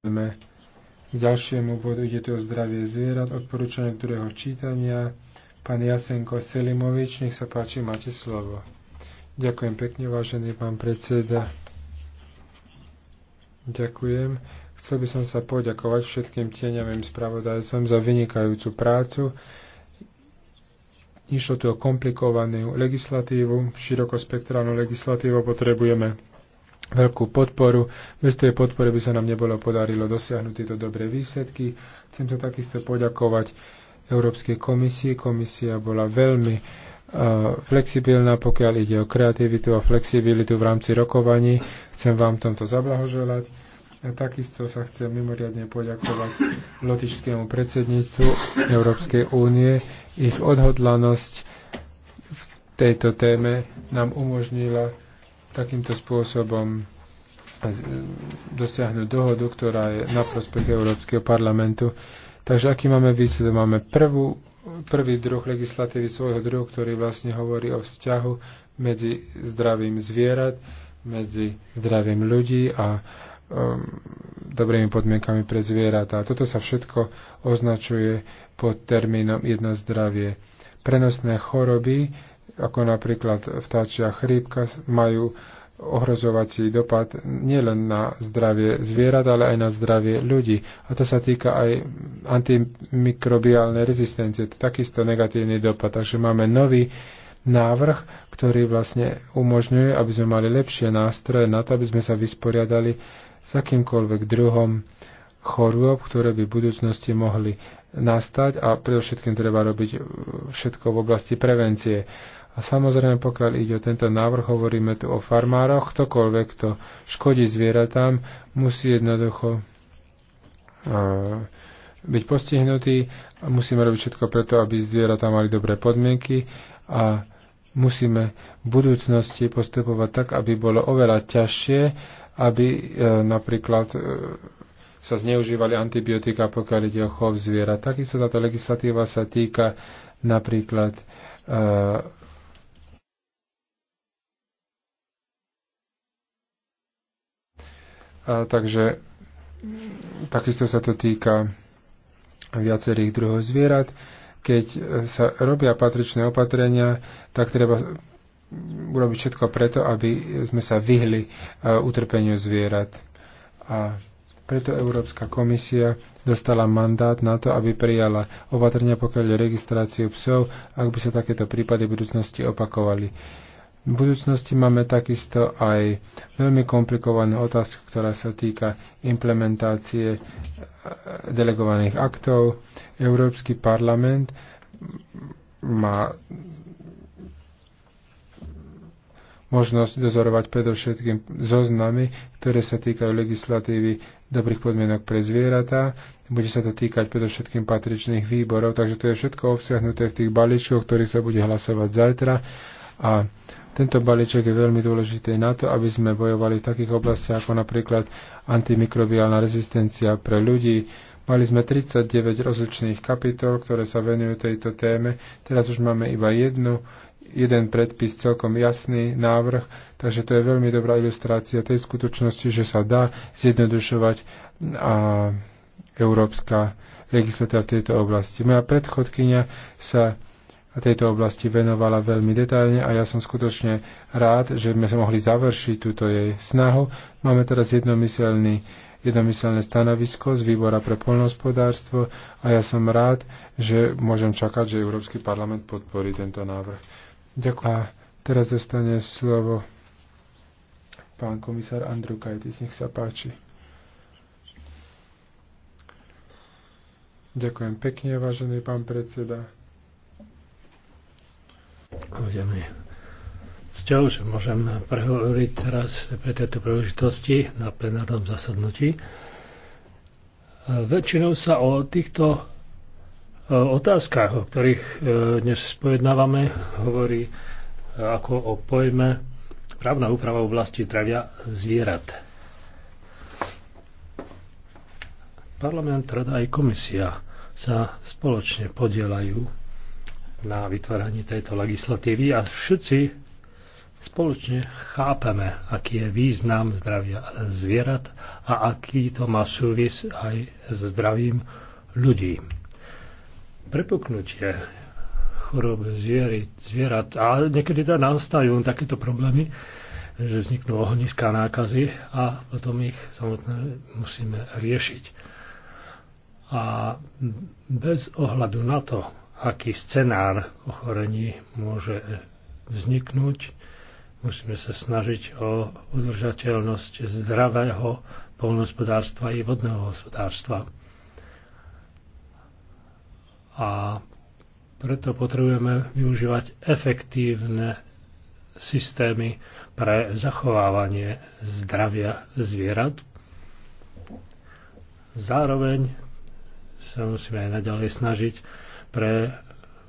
Poďme k ďalšiemu bodu. Ide tu o zdravie zvierat, odporúčanie druhého čítania. Pán Jasenko Selimovič, nech sa páči, máte slovo. Ďakujem pekne, vážený pán predseda. Ďakujem. Chcel by som sa poďakovať všetkým tieňovým spravodajcom za vynikajúcu prácu. Išlo tu o komplikovanú legislatívu, širokospektrálnu legislatívu potrebujeme veľkú podporu. Bez tej podpory by sa nám nebolo podarilo dosiahnuť tieto dobré výsledky. Chcem sa takisto poďakovať Európskej komisii. Komisia bola veľmi eh, flexibilná, pokiaľ ide o kreativitu a flexibilitu v rámci rokovaní. Chcem vám tomto zablahoželať. A takisto sa chcem mimoriadne poďakovať lotičskému predsedníctvu Európskej únie. Ich odhodlanosť v tejto téme nám umožnila takýmto spôsobom e, dosiahnuť dohodu, ktorá je na prospech Európskeho parlamentu. Takže aký máme výsledok? Máme prvú, prvý druh legislatívy svojho druhu, ktorý vlastne hovorí o vzťahu medzi zdravím zvierat, medzi zdravím ľudí a um, dobrými podmienkami pre zvieratá. Toto sa všetko označuje pod termínom jedno zdravie. Prenosné choroby ako napríklad vtáčia chrípka, majú ohrozovací dopad nielen na zdravie zvierat, ale aj na zdravie ľudí. A to sa týka aj antimikrobiálnej rezistencie. To je takisto negatívny dopad. Takže máme nový návrh, ktorý vlastne umožňuje, aby sme mali lepšie nástroje na to, aby sme sa vysporiadali s akýmkoľvek druhom uh, chorôb, ktoré by v budúcnosti mohli nastať a predovšetkým treba robiť všetko v oblasti prevencie. A samozrejme, pokiaľ ide o tento návrh, hovoríme tu o farmároch, ktokoľvek to škodí zvieratám, musí jednoducho byť postihnutý a musíme robiť všetko preto, aby zvieratá mali dobré podmienky a musíme v budúcnosti postupovať tak, aby bolo oveľa ťažšie, aby e, napríklad e, sa zneužívali antibiotika, pokiaľ ide o chov zviera. Takisto táto legislatíva sa týka napríklad uh, a takže takisto sa to týka viacerých druhov zvierat. Keď sa robia patričné opatrenia, tak treba urobiť všetko preto, aby sme sa vyhli uh, utrpeniu zvierat. A preto Európska komisia dostala mandát na to, aby prijala opatrenia pokiaľ registráciu psov, ak by sa takéto prípady v budúcnosti opakovali. V budúcnosti máme takisto aj veľmi komplikovanú otázku, ktorá sa týka implementácie e, delegovaných aktov. Európsky parlament má možnosť dozorovať predovšetkým zoznamy, ktoré sa týkajú legislatívy dobrých podmienok pre zvieratá. Bude sa to týkať predovšetkým patričných výborov, takže to je všetko obsiahnuté v tých balíčkoch, ktorý sa bude hlasovať zajtra. A tento balíček je veľmi dôležitý na to, aby sme bojovali v takých oblastiach ako napríklad antimikrobiálna rezistencia pre ľudí, Mali sme 39 rozličných kapitol, ktoré sa venujú tejto téme. Teraz už máme iba jednu, jeden predpis, celkom jasný návrh, takže to je veľmi dobrá ilustrácia tej skutočnosti, že sa dá zjednodušovať a európska legislatíva v tejto oblasti. Moja predchodkynia sa tejto oblasti venovala veľmi detailne a ja som skutočne rád, že sme mohli završiť túto jej snahu. Máme teraz jednomyselný jednomyselné stanovisko z výbora pre poľnohospodárstvo a ja som rád, že môžem čakať, že Európsky parlament podporí tento návrh. Ďakujem. A teraz zostane slovo pán komisár Andrew Kajtis. Nech sa páči. Ďakujem pekne, vážený pán predseda. Ďakujem. cťou, že môžem prehovoriť teraz pre tejto príležitosti na plenárnom zasadnutí. Väčšinou sa o týchto E, otázkach, o ktorých e, dnes spojednávame, hovorí e, ako o pojme právna úprava oblasti zdravia zvierat. Parlament, rada aj komisia sa spoločne podielajú na vytváraní tejto legislatívy a všetci spoločne chápeme, aký je význam zdravia zvierat a aký to má súvis aj s zdravím ľudí prepuknutie chorob zvierat a niekedy tam teda nastajú takéto problémy, že vzniknú ohniská nákazy a potom ich samotné musíme riešiť. A bez ohľadu na to, aký scenár ochorení môže vzniknúť, musíme sa snažiť o udržateľnosť zdravého polnohospodárstva i vodného hospodárstva a preto potrebujeme využívať efektívne systémy pre zachovávanie zdravia zvierat. Zároveň sa musíme aj naďalej snažiť pre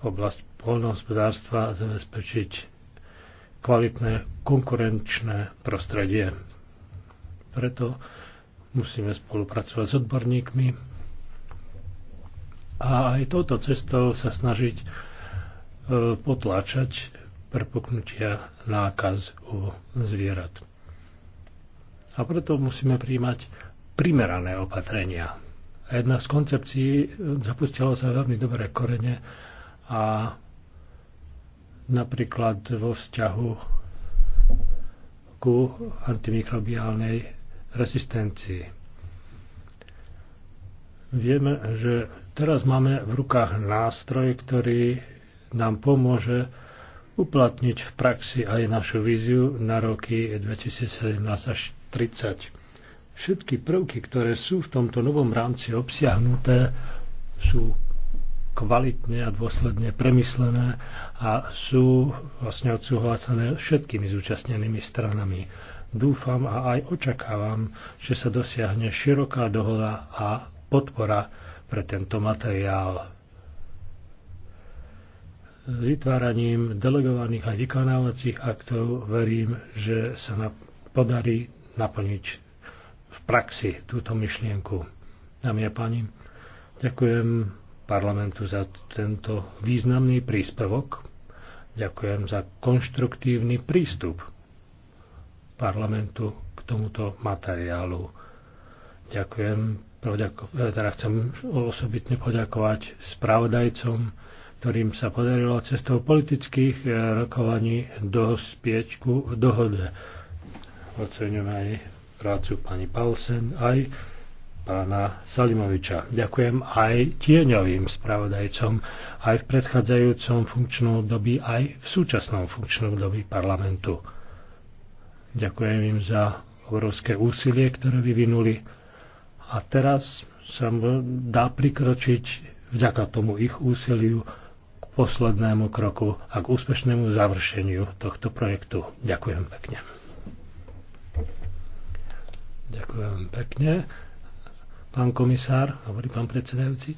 oblasť poľnohospodárstva zabezpečiť kvalitné konkurenčné prostredie. Preto musíme spolupracovať s odborníkmi, a aj touto cestou sa snažiť e, potláčať prepuknutia nákaz u zvierat. A preto musíme príjmať primerané opatrenia. jedna z koncepcií e, zapustila sa veľmi dobré korene a napríklad vo vzťahu ku antimikrobiálnej rezistencii. Vieme, že teraz máme v rukách nástroj, ktorý nám pomôže uplatniť v praxi aj našu víziu na roky 2017 až 30. Všetky prvky, ktoré sú v tomto novom rámci obsiahnuté, sú kvalitne a dôsledne premyslené a sú vlastne odsúhlasené všetkými zúčastnenými stranami. Dúfam a aj očakávam, že sa dosiahne široká dohoda a podpora pre tento materiál. S vytváraním delegovaných a vykonávacích aktov verím, že sa nám podarí naplniť v praxi túto myšlienku. Dámy a páni, ďakujem parlamentu za tento významný príspevok. Ďakujem za konštruktívny prístup parlamentu k tomuto materiálu. Ďakujem E, teda chcem osobitne poďakovať spravodajcom, ktorým sa podarilo cestou politických e, rokovaní dospieť ku dohode. Oceňujem aj prácu pani Paulsen, aj pána Salimoviča. Ďakujem aj tieňovým spravodajcom, aj v predchádzajúcom funkčnom dobi, aj v súčasnom funkčnom období parlamentu. Ďakujem im za obrovské úsilie, ktoré vyvinuli a teraz sa dá prikročiť vďaka tomu ich úsiliu k poslednému kroku a k úspešnému završeniu tohto projektu. Ďakujem pekne. Ďakujem pekne. Pán komisár, hovorí pán predsedajúci.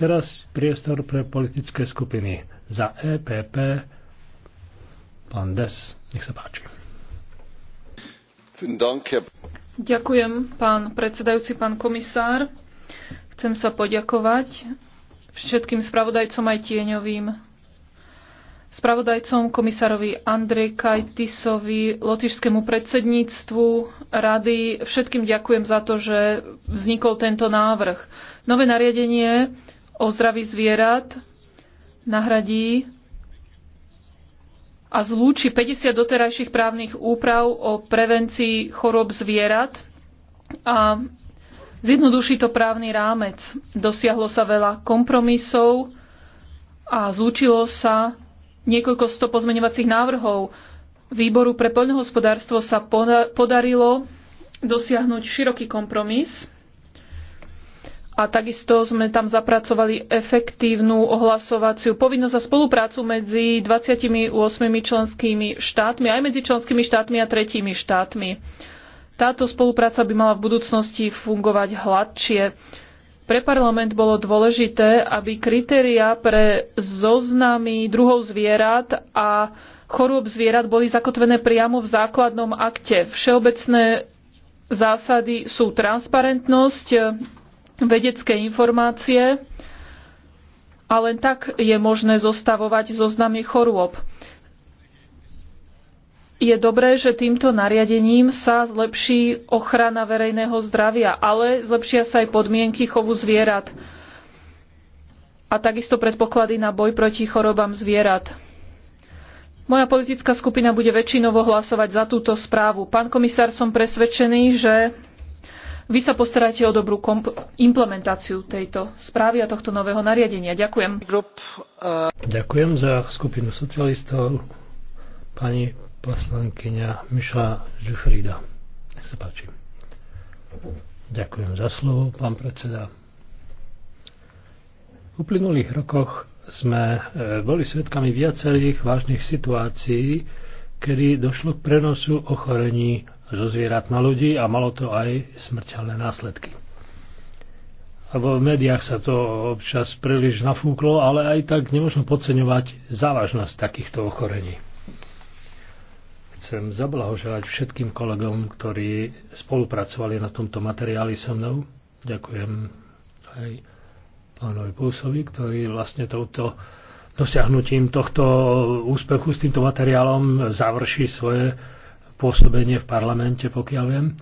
Teraz priestor pre politické skupiny. Za EPP pán Des, nech sa páči. Ďakujem, pán predsedajúci, pán komisár. Chcem sa poďakovať všetkým spravodajcom aj tieňovým spravodajcom komisárovi Andrej Kajtisovi, lotišskému predsedníctvu rady. Všetkým ďakujem za to, že vznikol tento návrh. Nové nariadenie o zdraví zvierat nahradí a zlúči 50 doterajších právnych úprav o prevencii chorób zvierat a zjednoduší to právny rámec. Dosiahlo sa veľa kompromisov a zlúčilo sa niekoľko sto pozmeňovacích návrhov. Výboru pre poľnohospodárstvo sa podarilo dosiahnuť široký kompromis a takisto sme tam zapracovali efektívnu ohlasovaciu povinnosť a spoluprácu medzi 28 členskými štátmi, aj medzi členskými štátmi a tretími štátmi. Táto spolupráca by mala v budúcnosti fungovať hladšie. Pre parlament bolo dôležité, aby kritéria pre zoznamy druhov zvierat a chorôb zvierat boli zakotvené priamo v základnom akte. Všeobecné zásady sú transparentnosť, vedecké informácie a len tak je možné zostavovať zoznamy chorôb. Je dobré, že týmto nariadením sa zlepší ochrana verejného zdravia, ale zlepšia sa aj podmienky chovu zvierat a takisto predpoklady na boj proti chorobám zvierat. Moja politická skupina bude väčšinovo hlasovať za túto správu. Pán komisár, som presvedčený, že vy sa postaráte o dobrú implementáciu tejto správy a tohto nového nariadenia. Ďakujem. E, Ďakujem za skupinu socialistov pani poslankyňa Mišla Žufrida. Nech sa páči. Ďakujem za slovo, pán predseda. V uplynulých rokoch sme e, boli svedkami viacerých vážnych situácií, kedy došlo k prenosu ochorení zo zvierat na ľudí a malo to aj smrteľné následky. A v médiách sa to občas príliš nafúklo, ale aj tak nemôžno podceňovať závažnosť takýchto ochorení. Chcem zablahoželať všetkým kolegom, ktorí spolupracovali na tomto materiáli so mnou. Ďakujem aj pánovi Pulsovi, ktorý vlastne touto dosiahnutím tohto úspechu s týmto materiálom završí svoje pôsobenie v parlamente, pokiaľ viem.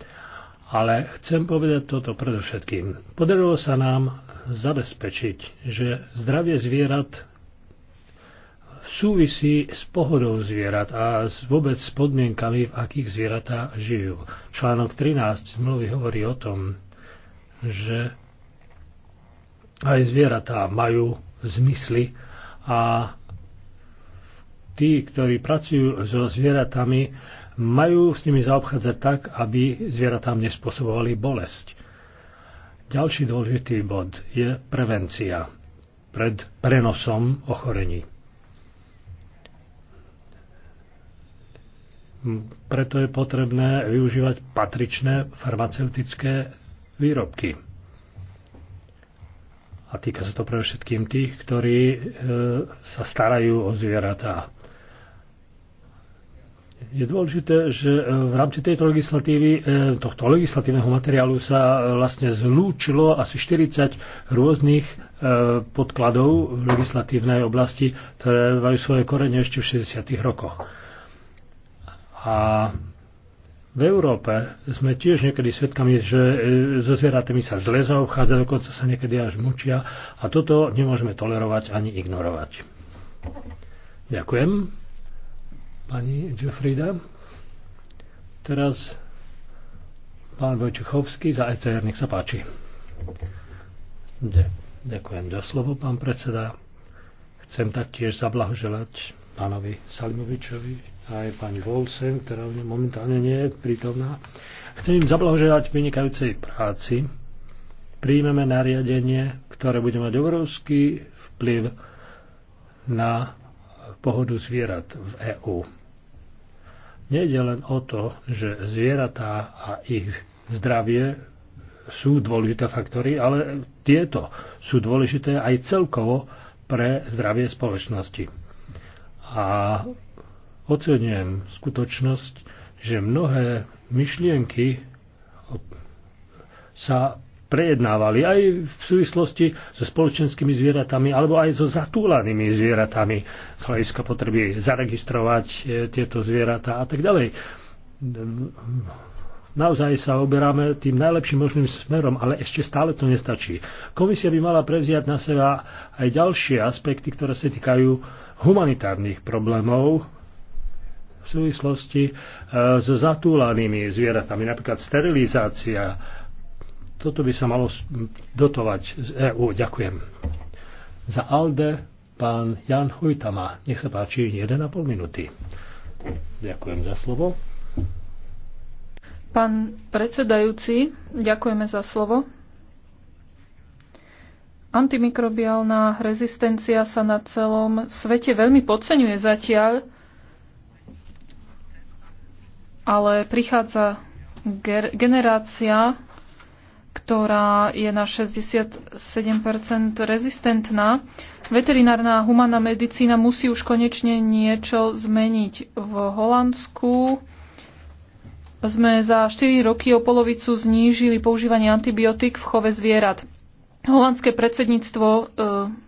Ale chcem povedať toto predovšetkým. Podarilo sa nám zabezpečiť, že zdravie zvierat súvisí s pohodou zvierat a vôbec s podmienkami, v akých zvieratá žijú. Článok 13 zmluvy hovorí o tom, že aj zvieratá majú zmysly a tí, ktorí pracujú so zvieratami, majú s nimi zaobchádzať tak, aby zvieratám nespôsobovali bolesť. Ďalší dôležitý bod je prevencia pred prenosom ochorení. Preto je potrebné využívať patričné farmaceutické výrobky. A týka sa to pre všetkým tých, ktorí e, sa starajú o zvieratá. Je dôležité, že e, v rámci tejto legislatívy, e, tohto legislatívneho materiálu sa e, vlastne zlúčilo asi 40 rôznych podkladov v legislatívnej oblasti, ktoré majú svoje korene ešte v 60. rokoch. A v Európe sme tiež niekedy svedkami, že so zvieratami sa zle zaobchádza, dokonca sa niekedy až mučia a toto nemôžeme tolerovať ani ignorovať. Ďakujem pani Jufrida. Teraz pán Vojčuchovský za ECR, nech sa páči. Ďakujem za slovo, pán predseda. Chcem taktiež zablahoželať pánovi Salimovičovi a aj pani Volsen, ktorá momentálne nie je prítomná. Chcem im zablahoželať vynikajúcej práci. Príjmeme nariadenie, ktoré bude mať obrovský vplyv na pohodu zvierat v EÚ. Nejde len o to, že zvieratá a ich zdravie sú dôležité faktory, ale tieto sú dôležité aj celkovo pre zdravie spoločnosti. A ocenujem skutočnosť, že mnohé myšlienky sa prejednávali aj v súvislosti so spoločenskými zvieratami alebo aj so zatúlanými zvieratami z hľadiska potreby zaregistrovať e, tieto zvieratá a tak ďalej. Naozaj sa oberáme tým najlepším možným smerom, ale ešte stále to nestačí. Komisia by mala prevziať na seba aj ďalšie aspekty, ktoré sa týkajú humanitárnych problémov v súvislosti e, so zatúlanými zvieratami, napríklad sterilizácia toto by sa malo dotovať z EÚ. Ďakujem. Za ALDE pán Jan Hojtama. Nech sa páči, 1,5 minúty. Ďakujem za slovo. Pán predsedajúci, ďakujeme za slovo. Antimikrobiálna rezistencia sa na celom svete veľmi podceňuje zatiaľ, ale prichádza generácia, ktorá je na 67% rezistentná. Veterinárna a humanná medicína musí už konečne niečo zmeniť. V Holandsku sme za 4 roky o polovicu znížili používanie antibiotík v chove zvierat. Holandské predsedníctvo eh,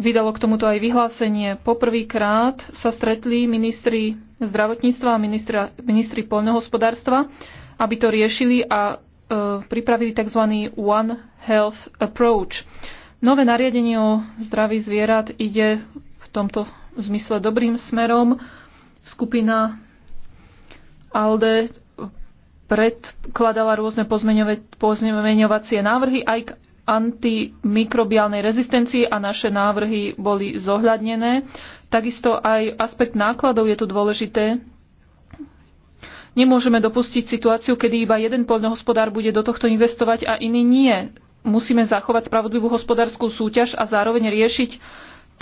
Vydalo k tomuto aj vyhlásenie. Poprvýkrát sa stretli ministri zdravotníctva a ministri poľnohospodárstva aby to riešili a e, pripravili tzv. One Health Approach. Nové nariadenie o zdraví zvierat ide v tomto zmysle dobrým smerom. Skupina ALDE predkladala rôzne pozmeňovacie návrhy aj k antimikrobiálnej rezistencii a naše návrhy boli zohľadnené. Takisto aj aspekt nákladov je tu dôležité, Nemôžeme dopustiť situáciu, kedy iba jeden poľnohospodár bude do tohto investovať a iný nie. Musíme zachovať spravodlivú hospodárskú súťaž a zároveň riešiť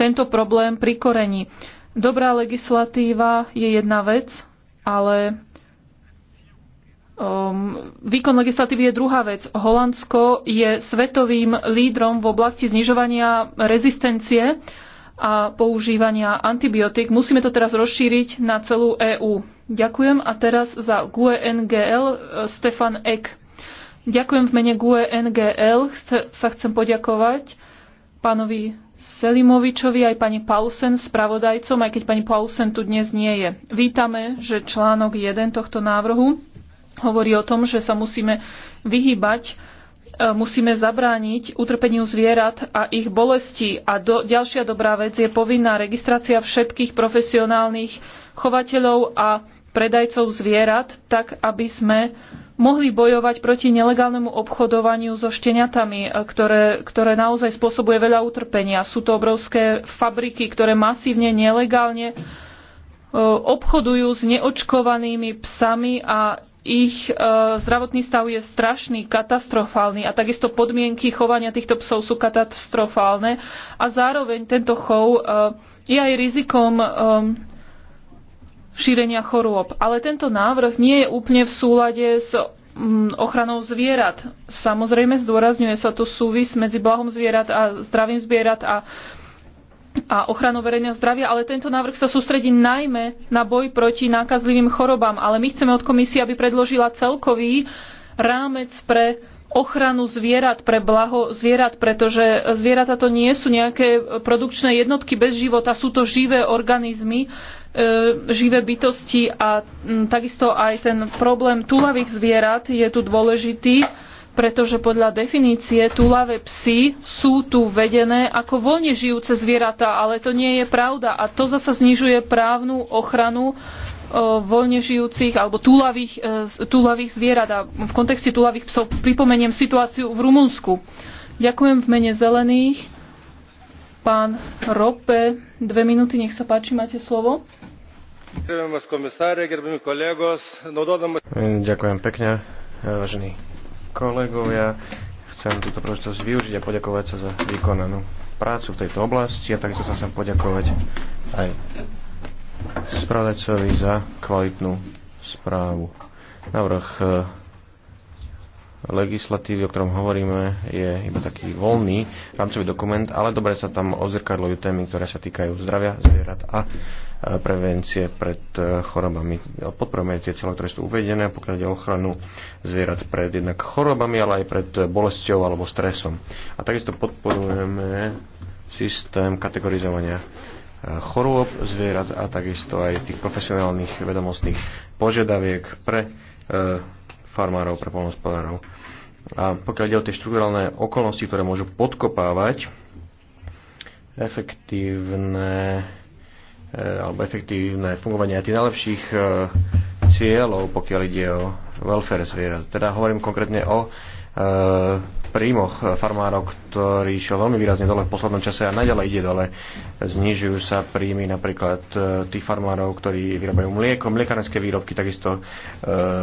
tento problém pri korení. Dobrá legislatíva je jedna vec, ale Um, výkon legislatívy je druhá vec. Holandsko je svetovým lídrom v oblasti znižovania rezistencie a používania antibiotík. Musíme to teraz rozšíriť na celú EÚ. Ďakujem a teraz za GUE NGL e, Stefan Ek. Ďakujem v mene GUE NGL. Chce, sa chcem poďakovať pánovi Selimovičovi aj pani Paulsen spravodajcom, aj keď pani Paulsen tu dnes nie je. Vítame, že článok 1 tohto návrhu hovorí o tom, že sa musíme vyhýbať e, musíme zabrániť utrpeniu zvierat a ich bolesti. A do, ďalšia dobrá vec je povinná registrácia všetkých profesionálnych chovateľov a predajcov zvierat, tak aby sme mohli bojovať proti nelegálnemu obchodovaniu so šteniatami, e, ktoré, ktoré naozaj spôsobuje veľa utrpenia. Sú to obrovské fabriky, ktoré masívne nelegálne e, obchodujú s neočkovanými psami a ich e, zdravotný stav je strašný, katastrofálny a takisto podmienky chovania týchto psov sú katastrofálne a zároveň tento chov je aj rizikom šírenia chorôb. Ale tento návrh nie je úplne v súlade s mm, ochranou zvierat. Samozrejme zdôrazňuje sa tu súvis medzi blahom zvierat a zdravím zvierat a, a ochranou verejného zdravia, ale tento návrh sa sústredí najmä na boj proti nákazlivým chorobám. Ale my chceme od komisie, aby predložila celkový rámec pre ochranu zvierat, pre blaho zvierat, pretože zvieratá to nie sú nejaké produkčné jednotky bez života, sú to živé organizmy E, živé bytosti a takisto aj ten problém túlavých zvierat je tu dôležitý, pretože podľa definície túlavé psy sú tu vedené ako voľne žijúce zvieratá, ale to nie je pravda a to zasa znižuje právnu ochranu e, voľne žijúcich alebo túlavých, e, túlavých zvierat. A v kontexte túlavých psov pripomeniem situáciu v Rumunsku. Ďakujem v mene zelených. Pán Rope, dve minúty, nech sa páči, máte slovo. Ďakujem pekne, vážení kolegovia. Chcem túto príležitosť využiť a poďakovať sa za vykonanú prácu v tejto oblasti a takisto sa chcem poďakovať aj spravodajcovi za kvalitnú správu. Navrh eh, legislatívy, o ktorom hovoríme, je iba taký voľný rámcový dokument, ale dobre sa tam ozrkadľujú témy, ktoré sa týkajú zdravia zvierat a e, prevencie pred e, chorobami. Podporujeme tie cieľe, ktoré sú uvedené, pokiaľ ide o ochranu zvierat pred jednak chorobami, ale aj pred bolesťou alebo stresom. A takisto podporujeme systém kategorizovania e, chorôb zvierat a takisto aj tých profesionálnych vedomostných požiadaviek pre farmárov, pre polnospodárov. A pokiaľ ide o tie štruktúralné okolnosti, ktoré môžu podkopávať efektívne e, alebo efektívne fungovanie aj tých najlepších e, cieľov, pokiaľ ide o welfare zvierat. Teda hovorím konkrétne o E, príjmoch farmárov, ktorý šiel veľmi výrazne dole v poslednom čase a naďalej ide dole. Znižujú sa príjmy napríklad e, tých farmárov, ktorí vyrábajú mlieko, mliekarenské výrobky takisto, e,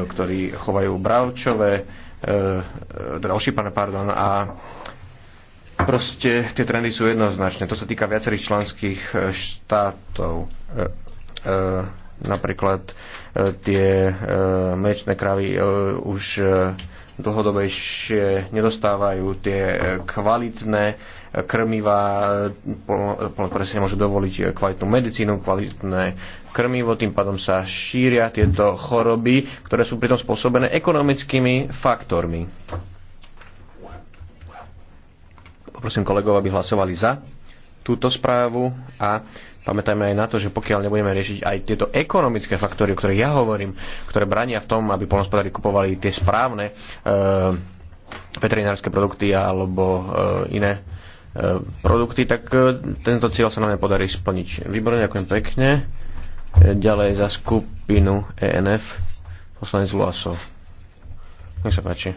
ktorí chovajú bravčové, teda ošípané, pardon, a proste tie trendy sú jednoznačné. To sa týka viacerých členských štátov. Napríklad tie mliečne kravy už dlhodobejšie nedostávajú tie kvalitné krmiva, presne si nemôžu dovoliť kvalitnú medicínu, kvalitné krmivo, tým pádom sa šíria tieto choroby, ktoré sú pritom spôsobené ekonomickými faktormi. Poprosím kolegov, aby hlasovali za túto správu a pamätajme aj na to, že pokiaľ nebudeme riešiť aj tieto ekonomické faktory, o ktorých ja hovorím, ktoré brania v tom, aby polnospodári kupovali tie správne e, veterinárske produkty alebo e, iné e, produkty, tak e, tento cieľ sa nám nepodarí splniť. Výborne, ďakujem pekne. E, ďalej za skupinu ENF poslanec Luasov. Nech sa páči.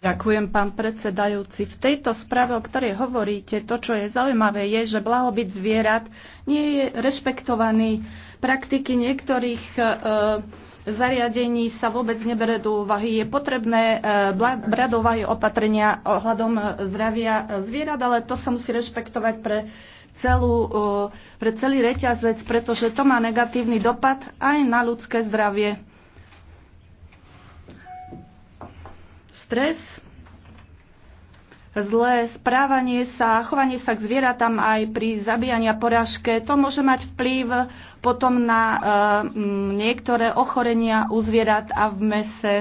Ďakujem, pán predsedajúci. V tejto správe, o ktorej hovoríte, to, čo je zaujímavé, je, že blahobyt zvierat nie je rešpektovaný. Praktiky niektorých e, zariadení sa vôbec nebere do úvahy. Je potrebné e, brať do úvahy opatrenia ohľadom e, zdravia e, zvierat, ale to sa musí rešpektovať pre, celú, pre celý reťazec, pretože to má negatívny dopad aj na ľudské zdravie. stres, zlé správanie sa, chovanie sa k zvieratám aj pri zabíjaní a porážke, to môže mať vplyv potom na e, niektoré ochorenia u zvierat a v mese,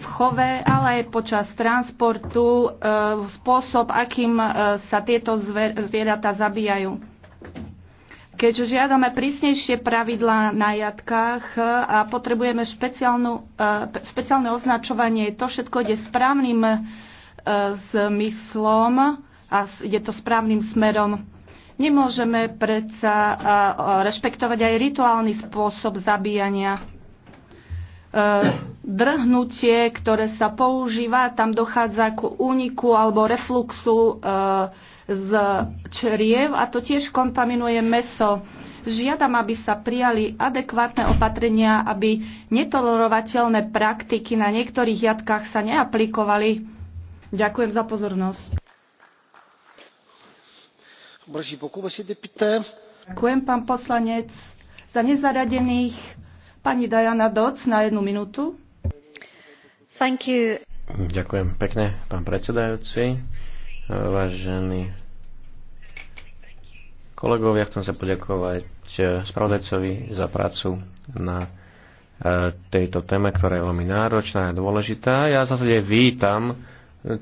v chove, ale aj počas transportu, e, spôsob, akým e, sa tieto zver, zvieratá zabíjajú. Keďže žiadame prísnejšie pravidlá na jatkách e, a potrebujeme e, špeciálne označovanie, to všetko ide správnym e, zmyslom a ide to správnym smerom. Nemôžeme predsa rešpektovať aj rituálny spôsob zabíjania. Drhnutie, ktoré sa používa, tam dochádza k úniku alebo refluxu z čriev a to tiež kontaminuje meso. Žiadam, aby sa prijali adekvátne opatrenia, aby netolerovateľné praktiky na niektorých jatkách sa neaplikovali. Ďakujem za pozornosť. Ďakujem, pán poslanec. Za nezaradených pani Diana Doc na jednu minútu. Ďakujem pekne, pán predsedajúci. Vážení kolegovia, chcem sa poďakovať eh, spravodajcovi za prácu na eh, tejto téme, ktorá je veľmi náročná a dôležitá. Ja v zásade vítam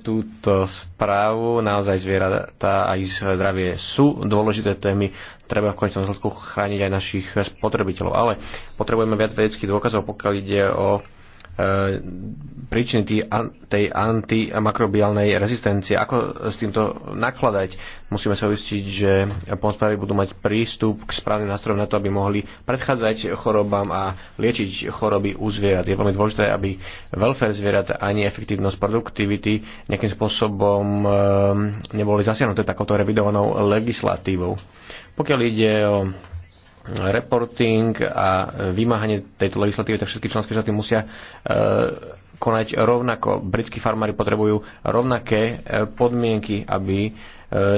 túto správu. Naozaj zvieratá a ich zdravie sú dôležité témy. Treba v konečnom zhľadku chrániť aj našich spotrebiteľov. Ale potrebujeme viac vedeckých dôkazov, pokiaľ ide o E, príčiny tej antimakrobiálnej rezistencie. Ako s týmto nakladať? Musíme sa uistiť, že pomospodári budú mať prístup k správnym nástrojom na to, aby mohli predchádzať chorobám a liečiť choroby u zvierat. Je veľmi dôležité, aby welfare zvierat ani efektívnosť produktivity nejakým spôsobom e, neboli zasiahnuté takouto revidovanou legislatívou. Pokiaľ ide o reporting a vymáhanie tejto legislatívy, tak všetky členské štáty musia e, konať rovnako. Britskí farmári potrebujú rovnaké e, podmienky, aby e,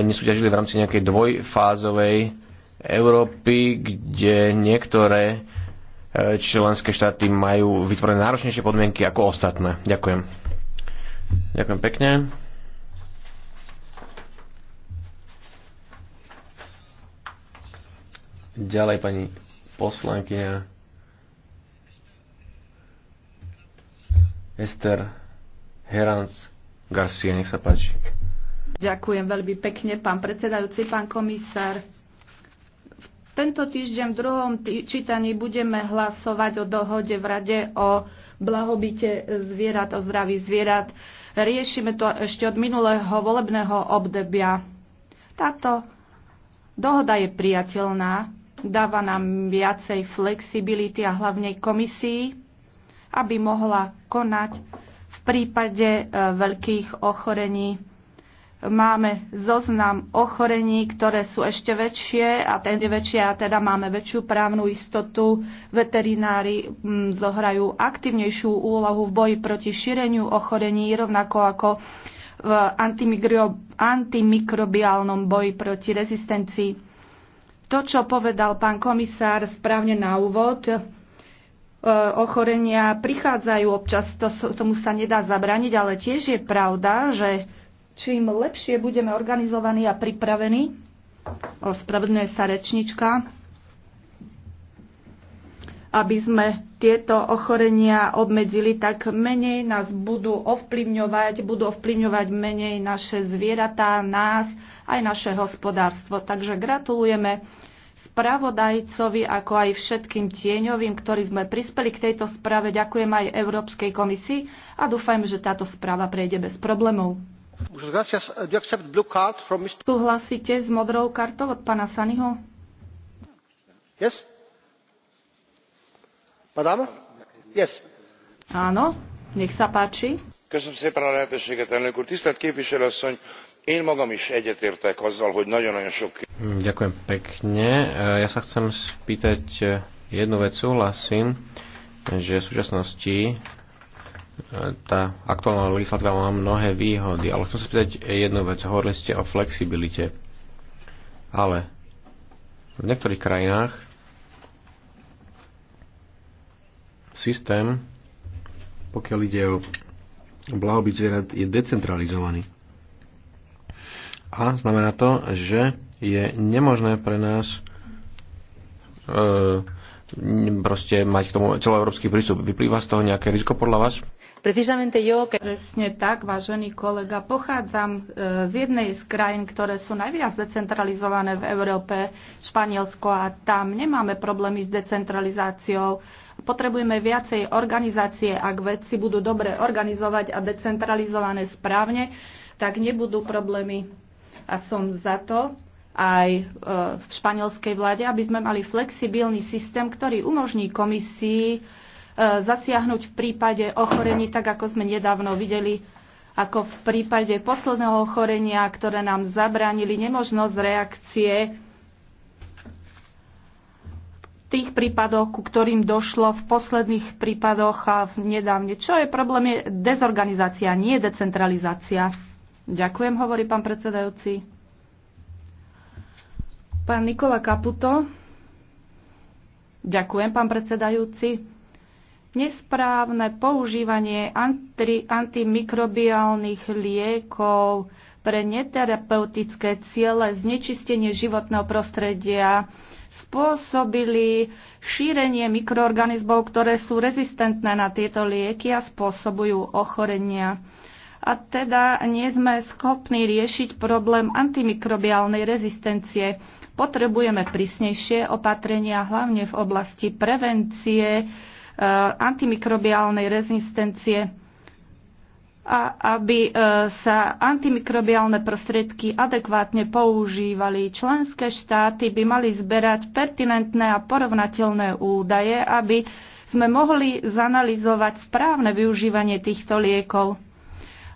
nesúťažili v rámci nejakej dvojfázovej Európy, kde niektoré členské štáty majú vytvorené náročnejšie podmienky ako ostatné. Ďakujem. Ďakujem pekne. Ďalej pani poslankyňa Ester Heranc Garcia, nech sa páči. Ďakujem veľmi pekne, pán predsedajúci, pán komisár. V tento týždeň v druhom tý- čítaní budeme hlasovať o dohode v Rade o blahobite zvierat, o zdraví zvierat. Riešime to ešte od minulého volebného obdobia. Táto dohoda je priateľná dáva nám viacej flexibility a hlavne komisii, aby mohla konať v prípade e, veľkých ochorení. Máme zoznam ochorení, ktoré sú ešte väčšie a ten je väčšie a teda máme väčšiu právnu istotu. Veterinári mm, zohrajú aktívnejšiu úlohu v boji proti šíreniu ochorení, rovnako ako v antimikrobiálnom boji proti rezistencii to, čo povedal pán komisár správne na úvod, e, ochorenia prichádzajú občas, to, tomu sa nedá zabraniť, ale tiež je pravda, že čím lepšie budeme organizovaní a pripravení, ospravedlňuje sa rečnička, aby sme tieto ochorenia obmedzili, tak menej nás budú ovplyvňovať, budú ovplyvňovať menej naše zvieratá, nás, aj naše hospodárstvo. Takže gratulujeme spravodajcovi, ako aj všetkým tieňovým, ktorí sme prispeli k tejto správe. Ďakujem aj Európskej komisii a dúfajme, že táto správa prejde bez problémov. Súhlasíte s modrou kartou od pána Saniho? Yes? Madame? Yes. Áno, nech sa páči. Köszönöm szépen a lehetőséget, elnök úr. Tisztelt képviselő asszony, Én magam is egyetértek azzal, hogy nagyon-nagyon sok... Mm, ďakujem pekne. E, ja sa chcem spýtať e, jednu vec. Súhlasím, že v súčasnosti e, tá aktuálna legislatíva má mnohé výhody, ale chcem sa spýtať jednu vec. Hovorili ste o flexibilite, ale v niektorých krajinách systém, pokiaľ ide o blahobyt zvierat, je decentralizovaný a znamená to, že je nemožné pre nás e, proste mať k tomu celoeurópsky prístup. Vyplýva z toho nejaké riziko podľa vás? Precízamente jo, que... Presne tak, vážený kolega. Pochádzam e, z jednej z krajín, ktoré sú najviac decentralizované v Európe, Španielsko, a tam nemáme problémy s decentralizáciou. Potrebujeme viacej organizácie, ak vedci budú dobre organizovať a decentralizované správne, tak nebudú problémy a som za to aj e, v španielskej vláde, aby sme mali flexibilný systém, ktorý umožní komisii e, zasiahnuť v prípade ochorení, tak ako sme nedávno videli, ako v prípade posledného ochorenia, ktoré nám zabránili nemožnosť reakcie tých prípadoch, ku ktorým došlo v posledných prípadoch a v nedávne. Čo je problém je dezorganizácia, nie decentralizácia. Ďakujem, hovorí pán predsedajúci. Pán Nikola Kaputo. Ďakujem, pán predsedajúci. Nesprávne používanie anti, antimikrobiálnych liekov pre neterapeutické ciele znečistenie životného prostredia spôsobili šírenie mikroorganizmov, ktoré sú rezistentné na tieto lieky a spôsobujú ochorenia a teda nie sme schopní riešiť problém antimikrobiálnej rezistencie. Potrebujeme prísnejšie opatrenia, hlavne v oblasti prevencie eh, antimikrobiálnej rezistencie a aby eh, sa antimikrobiálne prostriedky adekvátne používali. Členské štáty by mali zberať pertinentné a porovnateľné údaje, aby sme mohli zanalizovať správne využívanie týchto liekov.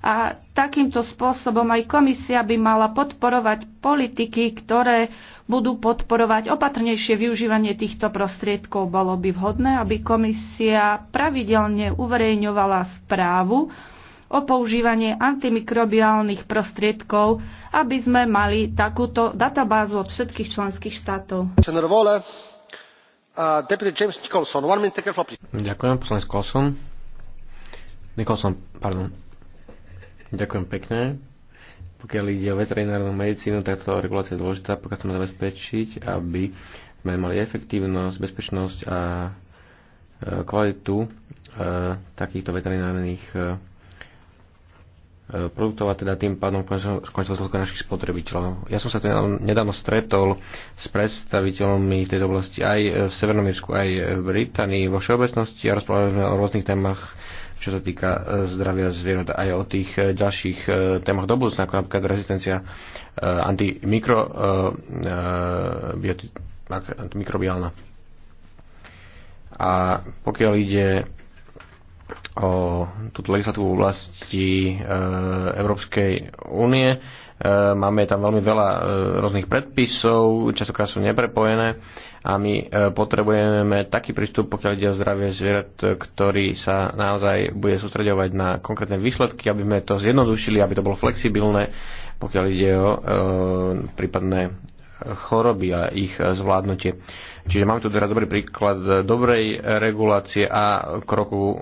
A takýmto spôsobom aj komisia by mala podporovať politiky, ktoré budú podporovať opatrnejšie využívanie týchto prostriedkov. Bolo by vhodné, aby komisia pravidelne uverejňovala správu o používanie antimikrobiálnych prostriedkov, aby sme mali takúto databázu od všetkých členských štátov. Ďakujem, poslanec Nicholson. Nicholson, pardon. Ďakujem pekne. Pokiaľ ide o veterinárnu medicínu, tak to regulácia je dôležitá, pokiaľ chceme zabezpečiť, aby sme mali efektívnosť, bezpečnosť a e, kvalitu e, takýchto veterinárnych e, produktov a teda tým pádom skončilo toľko našich spotrebiteľov. Ja som sa teda nedávno stretol s predstaviteľmi v tejto oblasti aj v Severnom Írsku, aj v Británii vo všeobecnosti a rozprávali sme o rôznych témach čo sa týka e, zdravia zvierat aj o tých e, ďalších e, témach do budúcna, ako napríklad rezistencia antimikrobiálna. A pokiaľ ide o túto legislatívu oblasti Európskej únie, E, máme tam veľmi veľa e, rôznych predpisov, častokrát sú neprepojené a my e, potrebujeme taký prístup, pokiaľ ide o zdravie zvierat, ktorý sa naozaj bude sústredovať na konkrétne výsledky, aby sme to zjednodušili, aby to bolo flexibilné, pokiaľ ide o e, prípadné choroby a ich zvládnutie. Čiže máme tu teraz dobrý príklad dobrej regulácie a kroku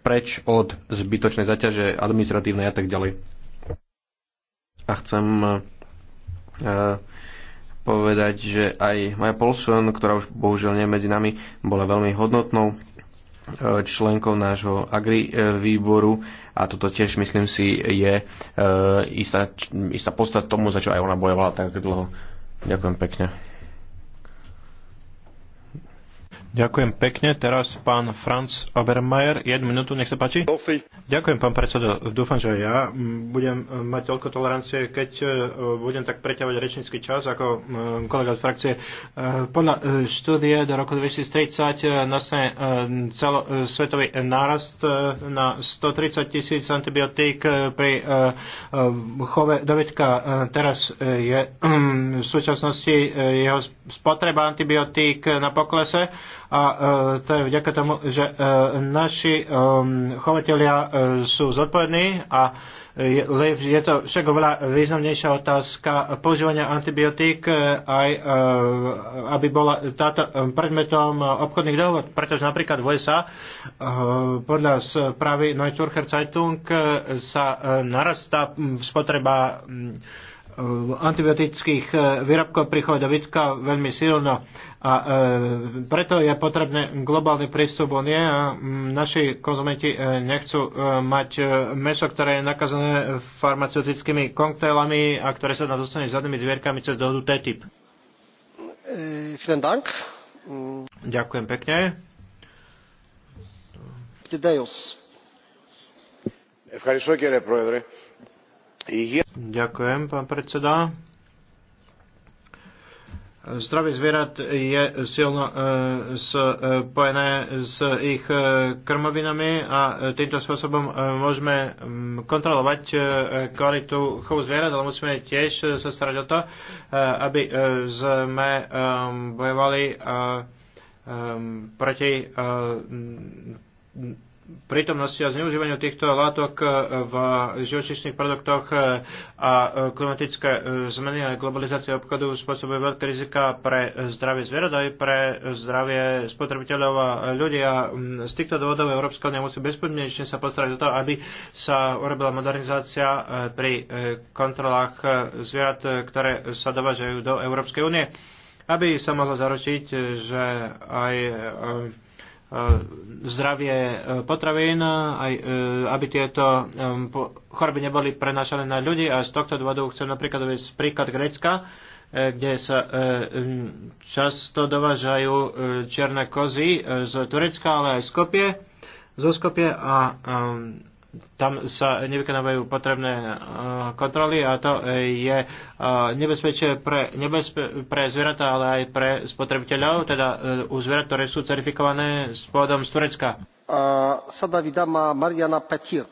preč od zbytočnej zaťaže administratívnej a tak ďalej. A chcem e, povedať, že aj Maja Polson, ktorá už bohužiaľ nie je medzi nami, bola veľmi hodnotnou e, členkou nášho agri e, výboru a toto tiež myslím si je istá, istá podstat tomu, za čo aj ona bojovala tak dlho. Ďakujem pekne. Ďakujem pekne. Teraz pán Franz Obermeier. Jednu minútu, nech sa páči. Ďakujem, pán predseda. Dúfam, že ja budem mať toľko tolerancie, keď e, budem tak preťavať rečnícky čas ako kolega z frakcie. E, podľa e, štúdie do roku 2030 nastane celosvetový nárast na 130 tisíc antibiotík pri chove dobytka. Teraz je v súčasnosti jeho spotreba antibiotík na poklese a e, to je vďaka tomu, že e, naši e, chovatelia sú zodpovední a je to však oveľa významnejšia otázka používania antibiotík, aj, aby bola táto predmetom obchodných dohod, pretože napríklad v USA podľa správy Neuzurcher Zeitung sa narastá spotreba antibiotických e, výrobkov prichádza dobytka veľmi silno a e, preto je potrebné globálny prístup on nie a naši konzumenti e, nechcú mať meso, ktoré je nakazané farmaceutickými koktejlami a ktoré sa nadostane s zadnými dvierkami cez dohodu TTIP. Ďakujem pekne. Ďakujem pekne. Ďakujem, pán predseda. Zdravie zvierat je silno e, spojené s ich e, krmovinami a týmto spôsobom e, môžeme kontrolovať e, kvalitu chovu zvierat, ale musíme tiež sa starať o to, e, aby e, sme e, bojovali e, e, proti e, prítomnosti a zneužívaniu týchto látok v živočišných produktoch a klimatické e, zmeny a globalizácia obchodu spôsobuje veľké rizika pre zdravie zvierat aj pre zdravie spotrebiteľov a ľudí a z týchto dôvodov Európska unia musí bezpodmienečne sa postarať o to, aby sa urobila modernizácia e, pri e, kontrolách zvierat, ktoré sa dovážajú do Európskej únie, aby sa mohlo zaručiť, že aj E, zdravie e, potravín, e, aj, aby tieto choroby neboli prenášané na ľudí. A z tohto dôvodu chcem napríklad uvieť príklad Grécka, kde sa často dovážajú čierne kozy z Turecka, ale aj z Skopie, zo Skopie a tam sa nevykonávajú potrebné eh, kontroly a to eh, je eh, nebezpečie pre, nebezpe, pre zvieratá, ale aj pre spotrebiteľov, teda u zvierat, ktoré sú certifikované s pôvodom z Turecka. Sada vidama Mariana Petir.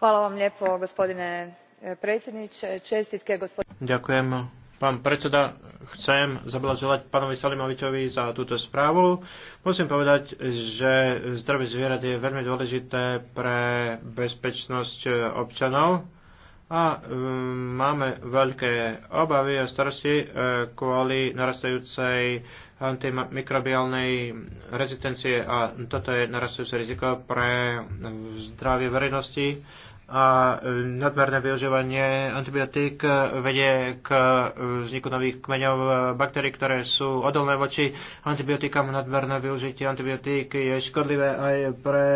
Hvala vam lijepo, gospodine predsjedniče. Čestitke, gospodine... Ďakujem Pán predseda, chcem zablaželať pánovi Salimovičovi za túto správu. Musím povedať, že zdravie zvierat je veľmi dôležité pre bezpečnosť občanov a mm, máme veľké obavy a starosti e, kvôli narastajúcej antimikrobiálnej rezistencie a toto je narastujúce riziko pre zdravie verejnosti a e, nadmerné využívanie antibiotík e, vedie k e, vzniku nových kmeňov baktérií, ktoré sú odolné voči antibiotikám. Nadmerné využitie antibiotík je škodlivé aj pre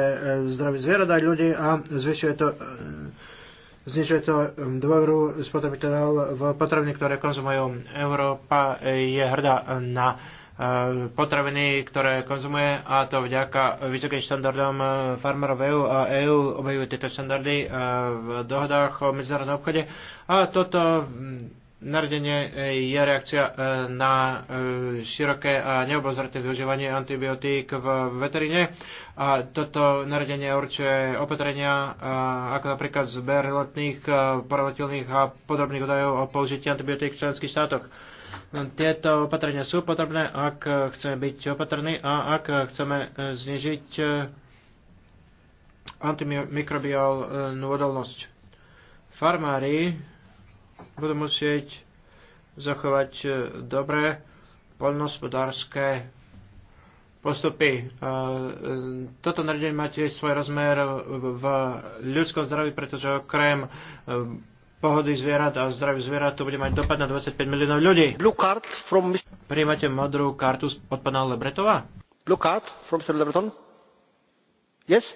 zdravie zvierat aj ľudí a zvyšuje to znižuje to dôveru spotrebiteľov v potraviny, ktoré konzumujú. Európa je hrdá na E, potraviny, ktoré konzumuje a to vďaka vysokým štandardom e, farmerov EU a EU obhajujú tieto štandardy e, v dohodách o medzinárodnom obchode a toto Narodenie je reakcia na široké a neobozretné využívanie antibiotík v veteríne. A toto nariadenie určuje opatrenia, ako napríklad zber letných, a podrobných údajov o použití antibiotík v členských štátoch tieto opatrenia sú potrebné, ak chceme byť opatrní a ak chceme znižiť eh, antimikrobiálnu eh, odolnosť. Farmári budú musieť zachovať eh, dobré poľnohospodárske postupy. Toto nariadenie má tiež svoj rozmer v ľudskom zdraví, pretože okrem pohody zvierat a zdraví zvierat, to bude mať dopad na 25 miliónov ľudí. Blue card from... Mr. Prijímate modrú kartu od pana Lebretova? Blue card from Mr. Lebreton? Yes?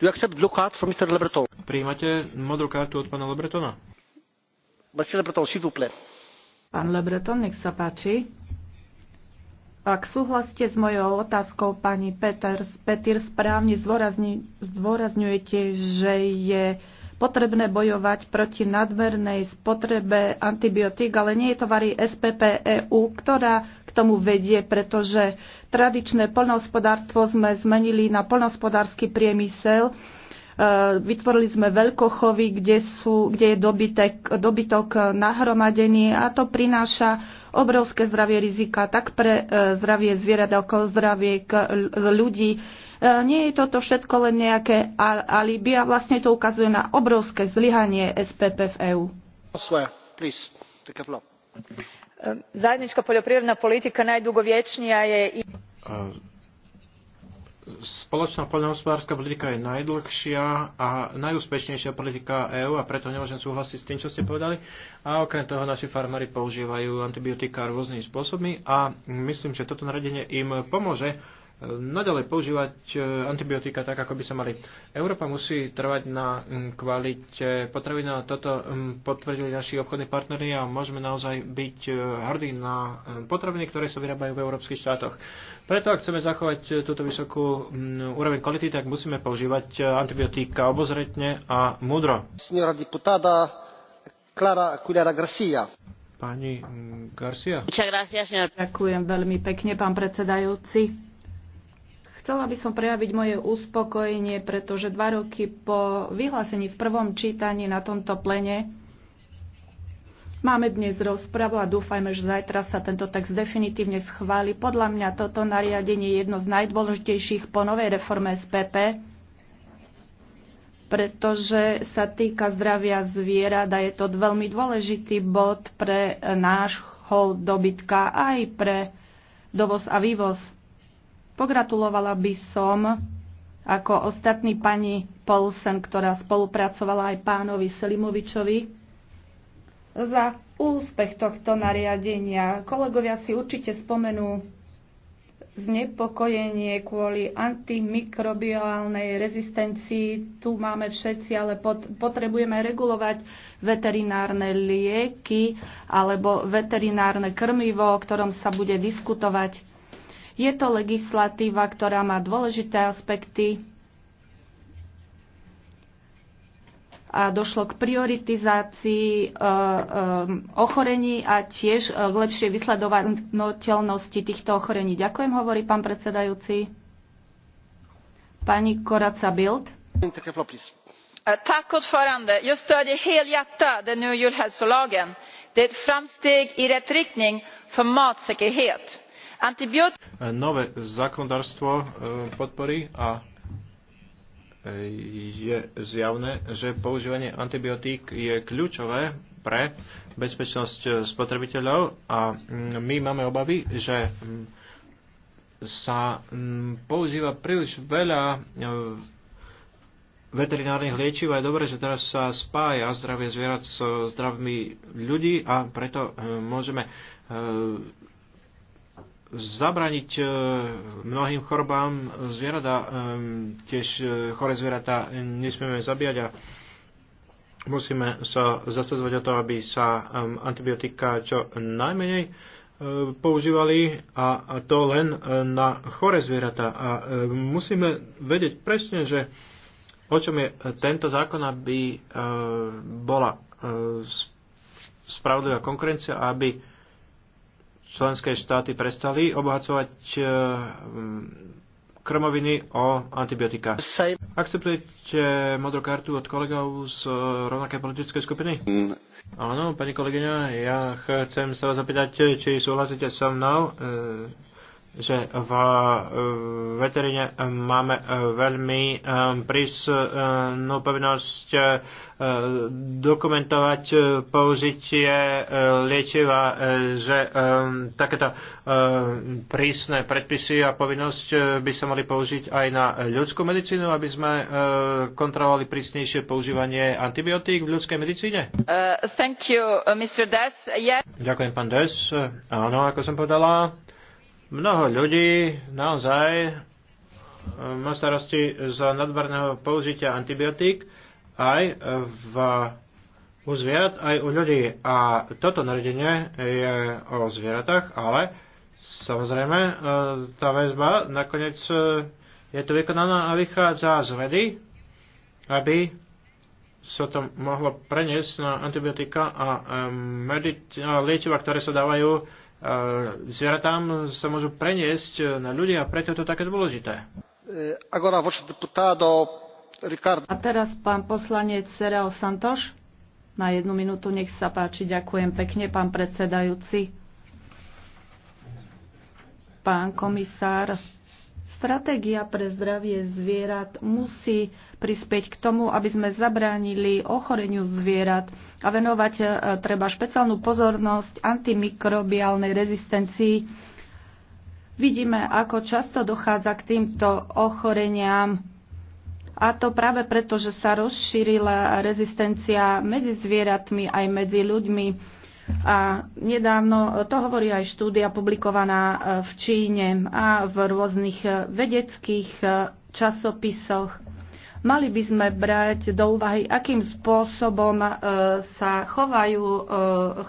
Do you accept blue card from Mr. Lebreton? Prijímate modrú kartu od pana Lebretona? Mr. Lebreton, s'il vous plaît. Pán Lebreton, nech sa páči. Ak súhlasíte s mojou otázkou, pani Peters, Petir, správne zdôrazňujete, že je potrebné bojovať proti nadmernej spotrebe antibiotík, ale nie je to varí SPP EU, ktorá k tomu vedie, pretože tradičné poľnohospodárstvo sme zmenili na poľnohospodársky priemysel. E, vytvorili sme veľkochovy, kde, sú, kde je dobytek, dobytok nahromadený a to prináša obrovské zdravie rizika tak pre e, zdravie zvierat ako zdravie ľudí E, nie je toto všetko len nejaké alibi a vlastne to ukazuje na obrovské zlyhanie SPP v EÚ. E, Zajednička poljoprivredna politika najdugovječnija je i... E, spoločná poľnohospodárska politika je najdlhšia a najúspešnejšia politika EÚ a preto nemôžem súhlasiť s tým, čo ste povedali. A okrem toho naši farmári používajú antibiotika rôznymi spôsobmi a myslím, že toto naradenie im pomôže naďalej používať e, antibiotika tak, ako by sa mali. Európa musí trvať na mm, kvalite potravina. a toto mm, potvrdili naši obchodní partnery a môžeme naozaj byť e, hrdí na e, potraviny, ktoré sa vyrábajú v európskych štátoch. Preto, ak chceme zachovať túto vysokú mm, úroveň kvality, tak musíme používať antibiotika obozretne a múdro. Signora deputada Clara Aguilera Garcia. Pani Garcia. Ďakujem veľmi pekne, pán predsedajúci Chcela by som prejaviť moje uspokojenie, pretože dva roky po vyhlásení v prvom čítaní na tomto plene Máme dnes rozpravu a dúfajme, že zajtra sa tento text definitívne schváli. Podľa mňa toto nariadenie je jedno z najdôležitejších po novej reforme SPP, pretože sa týka zdravia zvierat a je to veľmi dôležitý bod pre nášho dobytka aj pre dovoz a vývoz. Pogratulovala by som ako ostatní pani Polsen, ktorá spolupracovala aj pánovi Selimovičovi, za úspech tohto nariadenia. Kolegovia si určite spomenú znepokojenie kvôli antimikrobiálnej rezistencii. Tu máme všetci, ale potrebujeme regulovať veterinárne lieky alebo veterinárne krmivo, o ktorom sa bude diskutovať je to legislatíva, ktorá má dôležité aspekty a došlo k prioritizácii e, e, ochorení a tiež v e, lepšej vysledovateľnosti týchto ochorení. Ďakujem, hovorí pán predsedajúci. Pani Koraca Bild. Tack ordförande. Jag stödjer helhjärtat den nya djurhälsolagen. Det är ett framsteg i rätt riktning för matsäkerhet Antibiot- e, Nové zákonodárstvo e, podporí a e, je zjavné, že používanie antibiotík je kľúčové pre bezpečnosť spotrebiteľov a mm, my máme obavy, že mm, sa mm, používa príliš veľa veterinárnych liečiv a je dobré, že teraz sa spája zdravie zvierat so zdravými ľudí a preto môžeme zabraniť e, mnohým chorobám zvieratá, e, tiež e, chore zvieratá nesmieme zabíjať a musíme sa zasadzovať o to, aby sa antibiotika čo najmenej používali a to len na chore zvieratá. A musíme vedieť presne, že o čom je tento zákon, aby bola spravodlivá konkurencia a aby členské štáty prestali obohacovať e, krmoviny o antibiotika. Akceptujete modrú kartu od kolegov z e, rovnakej politickej skupiny? Áno, pani kolegyňa, ja chcem sa vás zapýtať, či súhlasíte so mnou. E, že v e, veteríne máme e, veľmi e, prísnu povinnosť dokumentovať použitie liečiva, že takéto prísne predpisy a povinnosť by sa mali použiť aj na ľudskú medicínu, aby sme kontrolovali prísnejšie používanie antibiotík v ľudskej medicíne? Uh, thank you, uh, Mr. Des. Yeah. Ďakujem, pán Des. Áno, ako som povedala, Mnoho ľudí naozaj e, má starosti z nadmerného použitia antibiotík aj v, u zvierat, aj u ľudí. A toto nariadenie je o zvieratách, ale samozrejme e, tá väzba nakoniec e, je tu vykonaná a vychádza z vedy, aby sa to mohlo preniesť na antibiotika a, medic- a liečiva, ktoré sa dávajú zvieratám sa môžu preniesť na ľudia, a preto je to také dôležité. A teraz pán poslanec Sereo Santoš. Na jednu minútu nech sa páči. Ďakujem pekne, pán predsedajúci. Pán komisár, Stratégia pre zdravie zvierat musí prispieť k tomu, aby sme zabránili ochoreniu zvierat a venovať e, treba špeciálnu pozornosť antimikrobiálnej rezistencii. Vidíme, ako často dochádza k týmto ochoreniam a to práve preto, že sa rozšírila rezistencia medzi zvieratmi aj medzi ľuďmi a nedávno e, to hovorí aj štúdia publikovaná e, v Číne a v rôznych e, vedeckých časopisoch. Mali by sme brať do úvahy, akým spôsobom sa chovajú,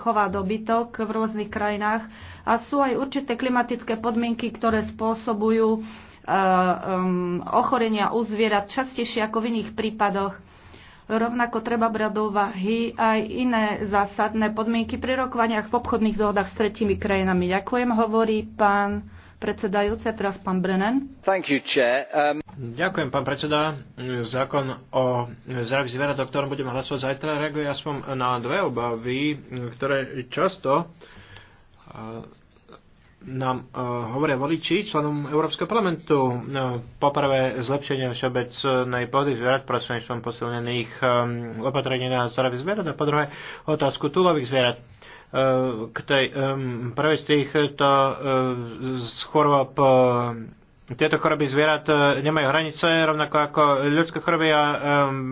chová dobytok v rôznych krajinách a sú aj určité klimatické podmienky, ktoré spôsobujú um, ochorenia u zvierat častejšie ako v iných prípadoch. Rovnako treba brať do váhy aj iné zásadné podmienky pri rokovaniach v obchodných dohodách s tretimi krajinami. Ďakujem, hovorí pán predsedajúce, teraz pán Brennan. You, um... Ďakujem, pán predseda. Zákon o zrak zvierat, o ktorom budeme hlasovať zajtra, reaguje aspoň na dve obavy, ktoré často uh nám uh, hovoria voliči členom Európskeho parlamentu. no poprvé zlepšenie všeobecnej pohody zvierat prostredníctvom posilnených um, opatrení na zdravie zvierat a po druhé otázku túlových zvierat. Uh, k tej um, prvej z to uh, schorôb po tieto choroby zvierat nemajú hranice, rovnako ako ľudské choroby a um,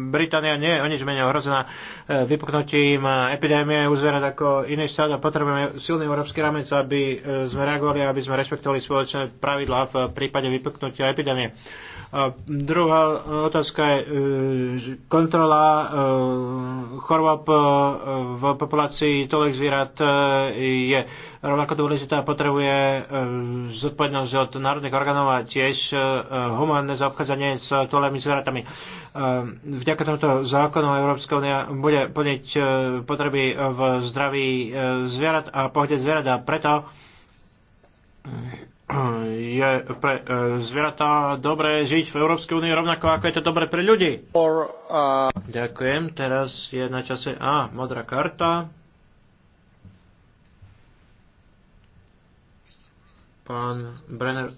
Británia nie je o nič menej ohrozená vypuknutím epidémie uzverať ako iný štát a potrebujeme silný európsky rámec, aby e, sme reagovali, aby sme rešpektovali spoločné pravidlá v prípade vypuknutia epidémie. A druhá e, otázka je e, kontrola chorôb v populácii tolik zvierat je rovnako dôležitá a potrebuje zodpovednosť od národných orgánov a tiež humánne zaobchádzanie s tolemi zvieratami. Vďaka tomuto zákonu Európska únia bude bude plniť e, potreby e, v zdraví e, zvierat a pohode zvierat a preto je pre zvieratá dobré žiť v Európskej únii rovnako ako je to dobré pre ľudí. Or, uh... Ďakujem, teraz je na čase A, modrá karta. Pán Brenner,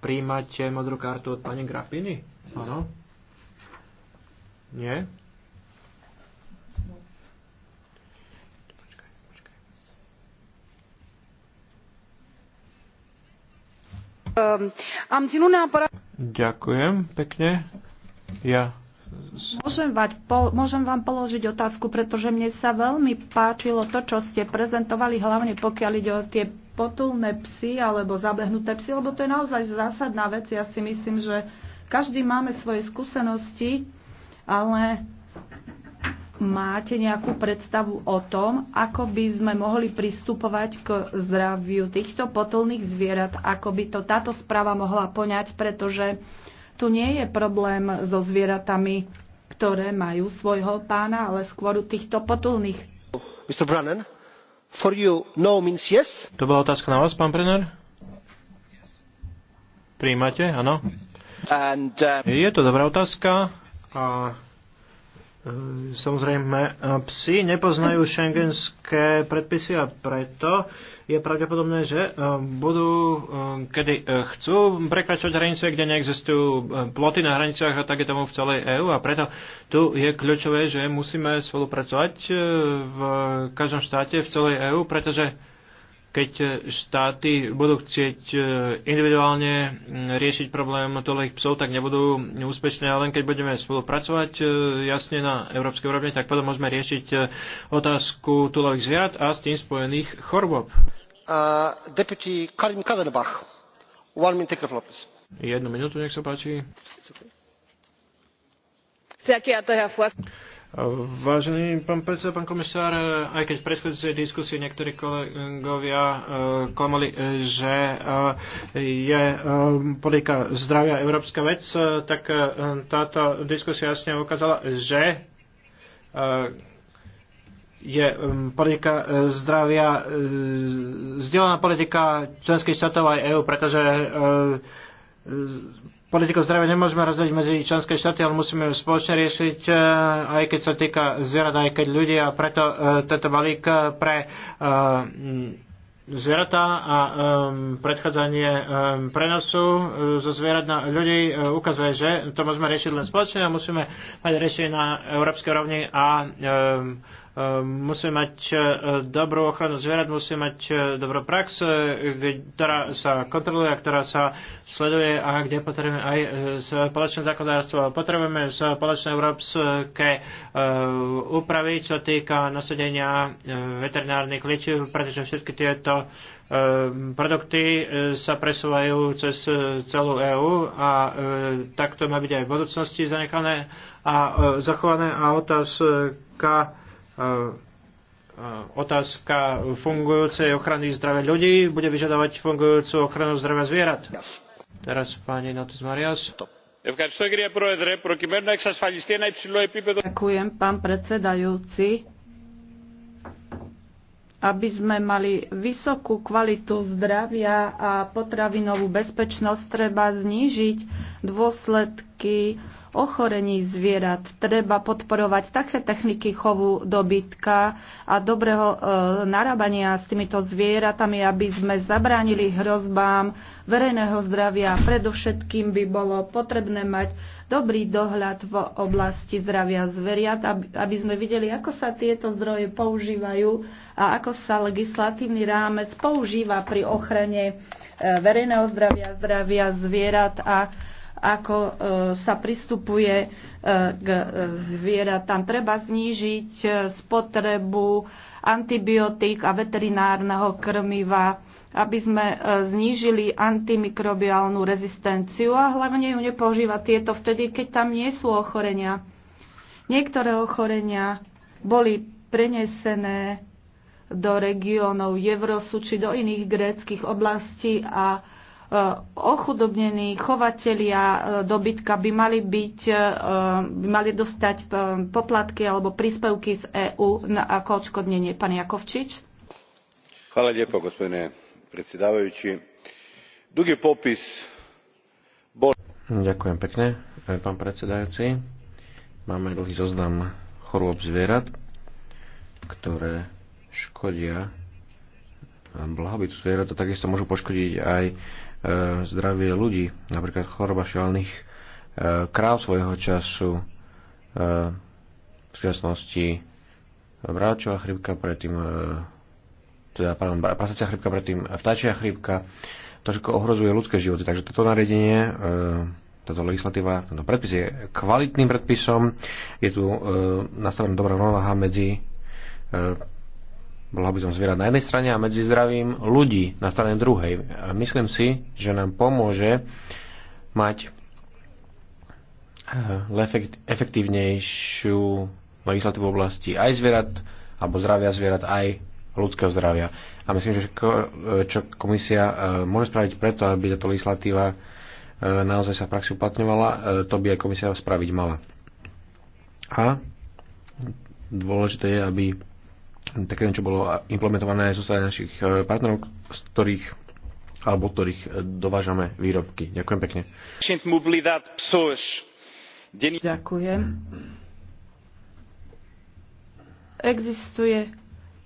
príjmate modrú kartu od pani Grapiny? Áno? Nie? Um, Ďakujem pekne. môžem vám položiť otázku, pretože mne sa veľmi páčilo to, čo ste prezentovali, hlavne pokiaľ ide o tie potulné psy alebo zabehnuté psy, lebo to je naozaj zásadná vec. Ja si myslím, že každý máme svoje skúsenosti, ale máte nejakú predstavu o tom, ako by sme mohli pristupovať k zdraviu týchto potulných zvierat, ako by to táto správa mohla poňať, pretože tu nie je problém so zvieratami, ktoré majú svojho pána, ale skôr u týchto potulných. Mr. Brennan, for you no means yes? To bola otázka na vás, pán Brenner? Prijímate, áno? And, um... Je to dobrá otázka. A Ehm, samozrejme, psi nepoznajú šengenské predpisy a preto je pravdepodobné, že ehm, budú, ehm, kedy e, chcú prekračovať hranice, kde neexistujú ploty na hraniciach a tak je tomu v celej EÚ a preto tu je kľúčové, že musíme spolupracovať e, v každom štáte v celej EÚ, pretože keď e, štáty budú chcieť e, individuálne riešiť problém toľkých psov, tak nebudú úspešné, ale len keď budeme spolupracovať e, jasne na európskej úrovni, tak potom môžeme riešiť otázku tulových zviat a s tým spojených chorôb. Uh, deputy Karim Kadenbach. One minute, please. Jednu minútu, nech sa páči. Sehr geehrter Herr okay. Vážený pán predseda, pán komisár, aj keď v predchádzajúcej diskusii niektorí kolegovia e, klamali, e, že e, je politika zdravia európska vec, tak táto diskusia jasne ukázala, že je politika zdravia, vzdelaná politika členských štátov aj EÚ, pretože politiku zdravia nemôžeme rozdeliť medzi členské štáty, ale musíme ju spoločne riešiť, e, aj keď sa týka zvierat, aj keď ľudí a preto e, tento balík e, pre zvieratá a um, predchádzanie um, prenosu uh, zo zvierat na ľudí uh, ukazuje, že to môžeme riešiť len spoločne a musíme mať riešenie na európskej rovni a um, Ehm, musíme mať e, dobrú ochranu zvierat, musíme mať e, dobrú prax, e, ktorá sa kontroluje ktorá sa sleduje a kde potrebujeme aj spoločné zákonodárstvo. Potrebujeme spoločné európske úpravy, čo týka nasadenia veterinárnych liečiv, pretože všetky tieto produkty sa presúvajú cez celú EÚ a takto má byť aj v budúcnosti zanechané a zachované a otázka otázka fungujúcej ochrany zdravia ľudí bude vyžadovať fungujúcu ochranu zdravia zvierat. Yes. Teraz pani Notis Marias. Ďakujem, pán predsedajúci. Aby sme mali vysokú kvalitu zdravia a potravinovú bezpečnosť, treba znížiť dôsledky ochorení zvierat. Treba podporovať také techniky chovu dobytka a dobrého e, narábania s týmito zvieratami, aby sme zabránili hrozbám verejného zdravia. Predovšetkým by bolo potrebné mať dobrý dohľad v oblasti zdravia zveriat, aby, aby sme videli, ako sa tieto zdroje používajú a ako sa legislatívny rámec používa pri ochrane e, verejného zdravia, zdravia zvierat a ako e, sa pristupuje e, k e, zvieratám. Treba znížiť spotrebu antibiotík a veterinárneho krmiva, aby sme znížili antimikrobiálnu rezistenciu a hlavne ju nepoužívať tieto vtedy, keď tam nie sú ochorenia. Niektoré ochorenia boli prenesené do regiónov Evrosu či do iných gréckých oblastí a E, ochudobnení chovatelia e, dobytka by mali, byť, e, by mali dostať poplatky alebo príspevky z EÚ ako odškodnenie. Pán Jakovčič? Hvala lijepo, gospodine predsjedavajući. Dugi popis... Bol... Ďakujem pekne, pán predsedajúci. Máme dlhý zoznam chorôb zvierat, ktoré škodia blahobytu zvierat a takisto môžu poškodiť aj E, zdravie ľudí, napríklad choroba šialných e, kráv svojho času, e, v súčasnosti vráčová chrypka, predtým teda, pardon, prasacia chrypka, predtým vtáčia chrypka, to všetko ohrozuje ľudské životy. Takže toto nariadenie, táto legislatíva, tento predpis je kvalitným predpisom, je tu nastavená dobrá rovnováha medzi by som zvierat na jednej strane a medzi zdravím ľudí na strane druhej. A myslím si, že nám pomôže mať eh, efektívnejšiu legislatívu v oblasti aj zvierat, alebo zdravia zvierat, aj ľudského zdravia. A myslím, že eh, čo komisia eh, môže spraviť preto, aby táto legislatíva naozaj sa v praxi uplatňovala, to by aj komisia spraviť mala. A dôležité je, aby také niečo bolo implementované zo strany našich e, partnerov, z ktorých alebo ktorých e, dovážame výrobky. Ďakujem pekne. Ďakujem. Existuje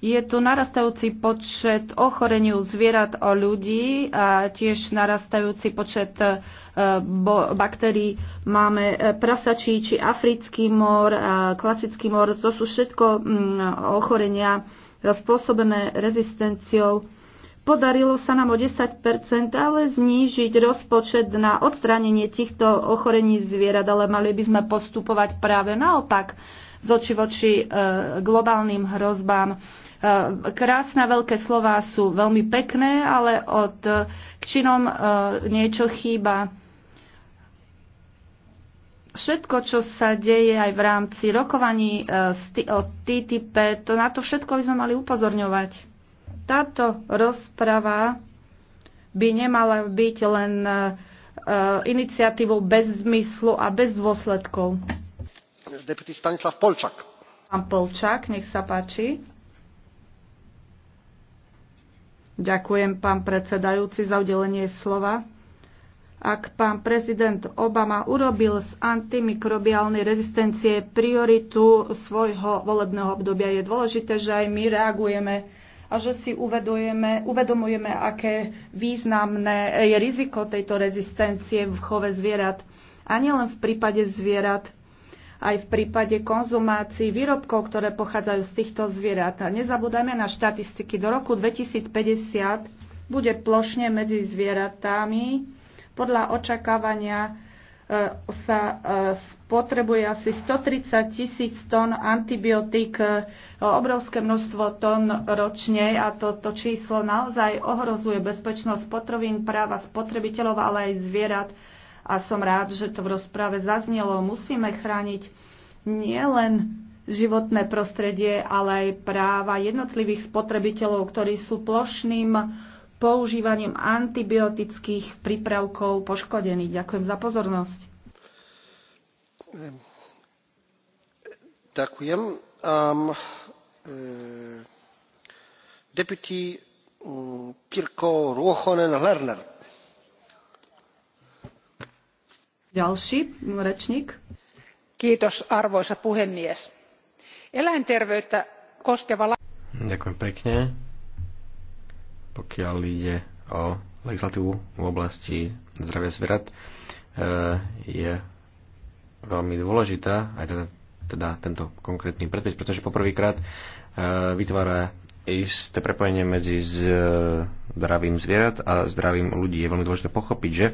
je tu narastajúci počet ochorení u zvierat o ľudí a tiež narastajúci počet e, baktérií. Máme e, prasačí či africký mor, klasický mor. To sú všetko mm, ochorenia spôsobené rezistenciou. Podarilo sa nám o 10 ale znížiť rozpočet na odstránenie týchto ochorení zvierat, ale mali by sme postupovať práve naopak z oči voči e, globálnym hrozbám Eh, krásne veľké slova sú veľmi pekné, ale od eh, k činom eh, niečo chýba. Všetko, čo sa deje aj v rámci rokovaní o TTP, to na to všetko by sme mali upozorňovať. Táto rozprava by nemala byť len iniciatívou bez zmyslu a bez dôsledkov. Deputy Stanislav Polčak. Pán Polčak, nech sa páči. Ďakujem, pán predsedajúci, za udelenie slova. Ak pán prezident Obama urobil z antimikrobiálnej rezistencie prioritu svojho volebného obdobia, je dôležité, že aj my reagujeme a že si uvedujeme, uvedomujeme, aké významné je riziko tejto rezistencie v chove zvierat. A nielen v prípade zvierat, aj v prípade konzumácií výrobkov, ktoré pochádzajú z týchto zvierat. nezabúdajme na štatistiky. Do roku 2050 bude plošne medzi zvieratami podľa očakávania e, sa e, spotrebuje asi 130 tisíc tón antibiotík, e, obrovské množstvo tón ročne a toto to číslo naozaj ohrozuje bezpečnosť potrovín, práva spotrebiteľov, ale aj zvierat a som rád, že to v rozprave zaznelo. Musíme chrániť nielen životné prostredie, ale aj práva jednotlivých spotrebiteľov, ktorí sú plošným používaním antibiotických prípravkov poškodení. Ďakujem za pozornosť. Ďakujem. Um, e, deputy um, Pirko ruochonen Lerner arvoisa puhemies. Eläinterveyttä koskeva... Ďakujem pekne. Pokiaľ ide o legislatívu v oblasti zdravia zvierat, e, je veľmi dôležitá, aj teda, teda tento konkrétny predpis, pretože poprvýkrát e, vytvára isté prepojenie medzi e, zdravím zvierat a zdravím ľudí. Je veľmi dôležité pochopiť, že e,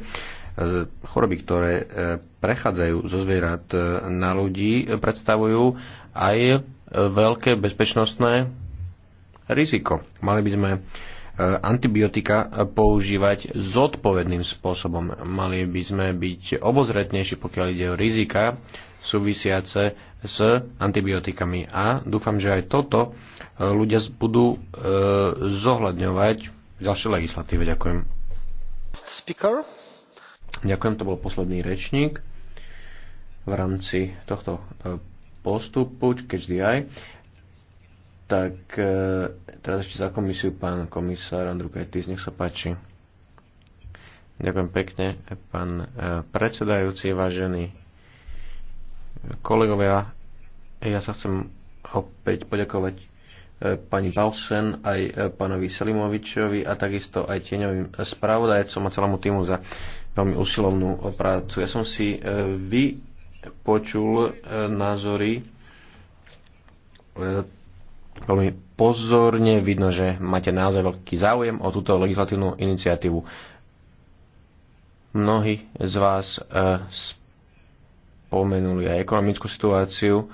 choroby, ktoré e, prechádzajú zo zvierat na ľudí, predstavujú aj veľké bezpečnostné riziko. Mali by sme antibiotika používať zodpovedným spôsobom. Mali by sme byť obozretnejší, pokiaľ ide o rizika súvisiace s antibiotikami. A dúfam, že aj toto e, ľudia budú e, zohľadňovať v ďalšej legislatíve. Ďakujem. Speaker. Ďakujem, to bol posledný rečník v rámci tohto e, postupu, keď. aj. Tak teraz ešte za komisiu pán komisár Kajtis, nech sa páči. Ďakujem pekne, pán predsedajúci, vážení Kolegovia, ja sa chcem opäť poďakovať e, pani Balsen, aj e, pánovi Selimovičovi a takisto aj tieňovým spravodajcom a celému týmu za veľmi usilovnú e, prácu. Ja som si vypočul názory veľmi pozorne. Vidno, že máte naozaj veľký záujem o túto legislatívnu iniciatívu. Mnohí z vás spomenuli aj ekonomickú situáciu,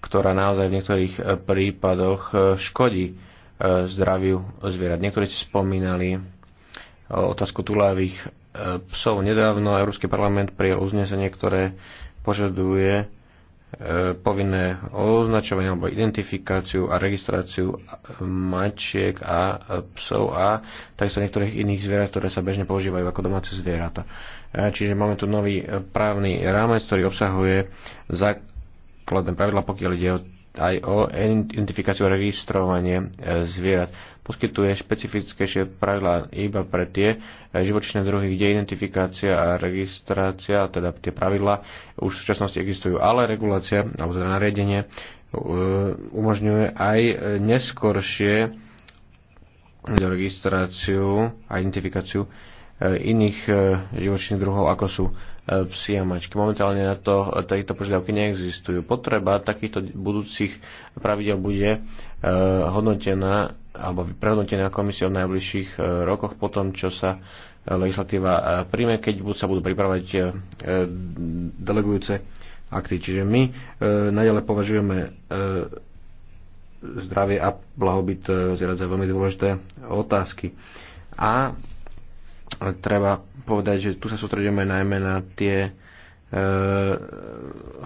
ktorá naozaj v niektorých e, prípadoch e, škodí e, zdraviu zvierat. Niektorí ste spomínali otázku tulavých psov. Nedávno Európsky parlament prijal uznesenie, ktoré požaduje E, povinné označovanie alebo identifikáciu a registráciu e, mačiek a e, psov a takisto niektorých iných zvierat, ktoré sa bežne používajú ako domáce zvieratá. Čiže máme tu nový právny rámec, ktorý obsahuje základné pravidla, pokiaľ ide o aj o identifikáciu a registrovanie e, zvierat. Poskytuje špecifickejšie pravidlá iba pre tie e, živočíšne druhy, kde identifikácia a registrácia, teda tie pravidlá už v súčasnosti existujú, ale regulácia alebo teda nariadenie e, umožňuje aj neskoršie registráciu a identifikáciu iných živočíšnych druhov, ako sú E, mačky. Momentálne na to e, takéto požiadavky neexistujú. Potreba takýchto budúcich pravidel bude e, hodnotená alebo prehodnotená komisiou v najbližších rokoch po tom, čo sa legislatíva príjme, keď sa budú pripravať delegujúce akty. Čiže my nadalej považujeme zdravie a blahobyt zvierat za veľmi dôležité otázky. A treba povedať, že tu sa sústredíme najmä na tie e,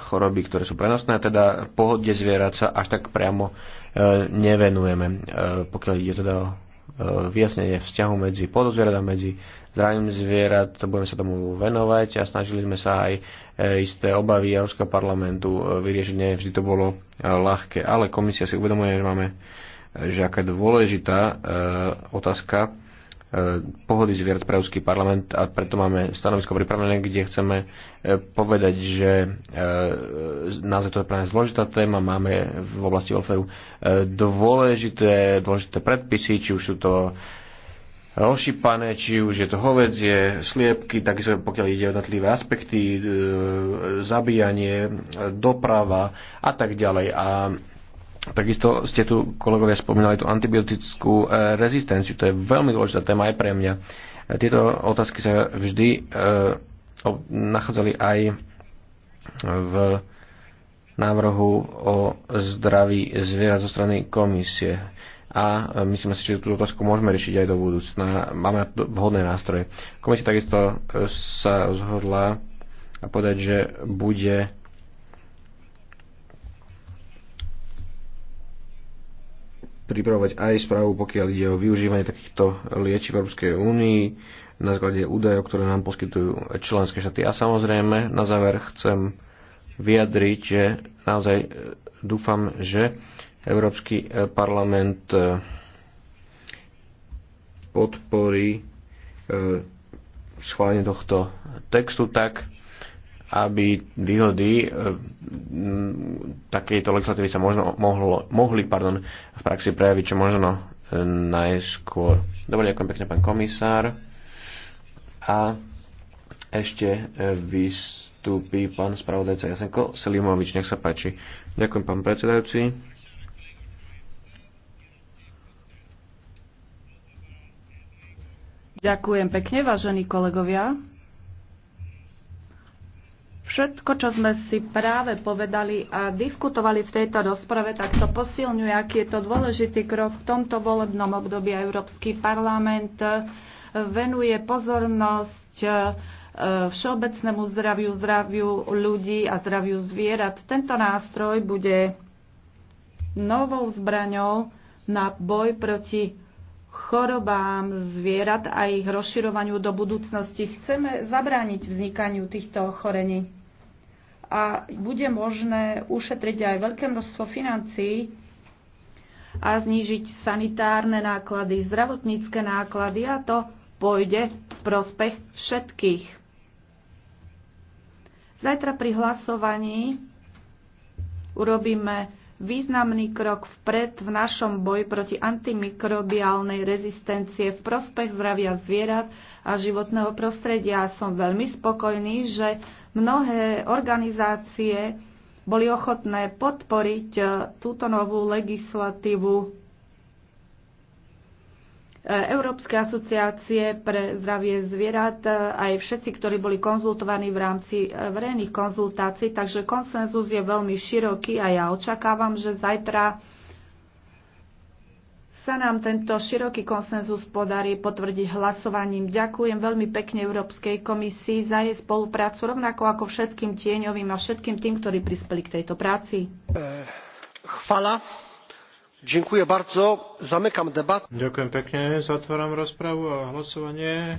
choroby, ktoré sú prenosné, teda pohodne zvierat sa až tak priamo e, nevenujeme, e, pokiaľ ide teda o e, vyjasnenie vzťahu medzi pohodou zvierat a medzi zdravím zvierat, budeme sa tomu venovať a snažili sme sa aj e, isté obavy Európskeho parlamentu e, vyriešiť, nie vždy to bolo e, ľahké, ale komisia si uvedomuje, že máme že aká dôležitá e, otázka Eh, pohody zvierat pre Európsky parlament a preto máme stanovisko pripravené, kde chceme eh, povedať, že eh, je to je pre nás zložitá téma, máme v oblasti welfareu dôležité, dôležité predpisy, či už sú to ošípané, či už je to hovedzie, sliepky, takisto pokiaľ ide o jednotlivé aspekty, zabíjanie, doprava a tak ďalej. A Takisto ste tu, kolegovia, spomínali tú antibiotickú e, rezistenciu. To je veľmi dôležitá téma aj pre mňa. E, tieto otázky sa vždy e, nachádzali aj v návrhu o zdraví zvierat zo strany komisie. A myslím si, že túto otázku môžeme riešiť aj do budúcna. Máme vhodné nástroje. Komisia takisto sa rozhodla a povedať, že bude pripravovať aj správu, pokiaľ ide o využívanie takýchto liečiv v Európskej únii na základe údajov, ktoré nám poskytujú členské štáty. A samozrejme, na záver chcem vyjadriť, že naozaj e, dúfam, že Európsky e, parlament e, podporí schválenie tohto textu tak, aby výhody e, takejto legislatívy sa možno, mohlo, mohli pardon, v praxi prejaviť čo možno e, najskôr. Dobre, ďakujem pekne, pán komisár. A ešte e, vystúpi pán spravodajca Jasenko Selimovič, nech sa páči. Ďakujem, pán predsedajúci. Ďakujem pekne, vážení kolegovia. Všetko, čo sme si práve povedali a diskutovali v tejto rozprave, tak to posilňuje, aký je to dôležitý krok. V tomto volebnom období Európsky parlament eh, venuje pozornosť eh, všeobecnému zdraviu, zdraviu ľudí a zdraviu zvierat. Tento nástroj bude novou zbraňou na boj proti chorobám zvierat a ich rozširovaniu do budúcnosti. Chceme zabrániť vznikaniu týchto ochorení a bude možné ušetriť aj veľké množstvo financií a znížiť sanitárne náklady, zdravotnícke náklady a to pôjde v prospech všetkých. Zajtra pri hlasovaní urobíme významný krok vpred v našom boji proti antimikrobiálnej rezistencie v prospech zdravia zvierat a životného prostredia. Som veľmi spokojný, že mnohé organizácie boli ochotné podporiť e, túto novú legislatívu Európske asociácie pre zdravie zvierat, e, aj všetci, ktorí boli konzultovaní v rámci e, verejných konzultácií, takže konsenzus je veľmi široký a ja očakávam, že zajtra sa nám tento široký konsenzus podarí potvrdiť hlasovaním. Ďakujem veľmi pekne Európskej komisii za jej spoluprácu, rovnako ako všetkým tieňovým a všetkým tým, ktorí prispeli k tejto práci. Chvala. Ďakujem pekne, zatváram rozpravu a hlasovanie.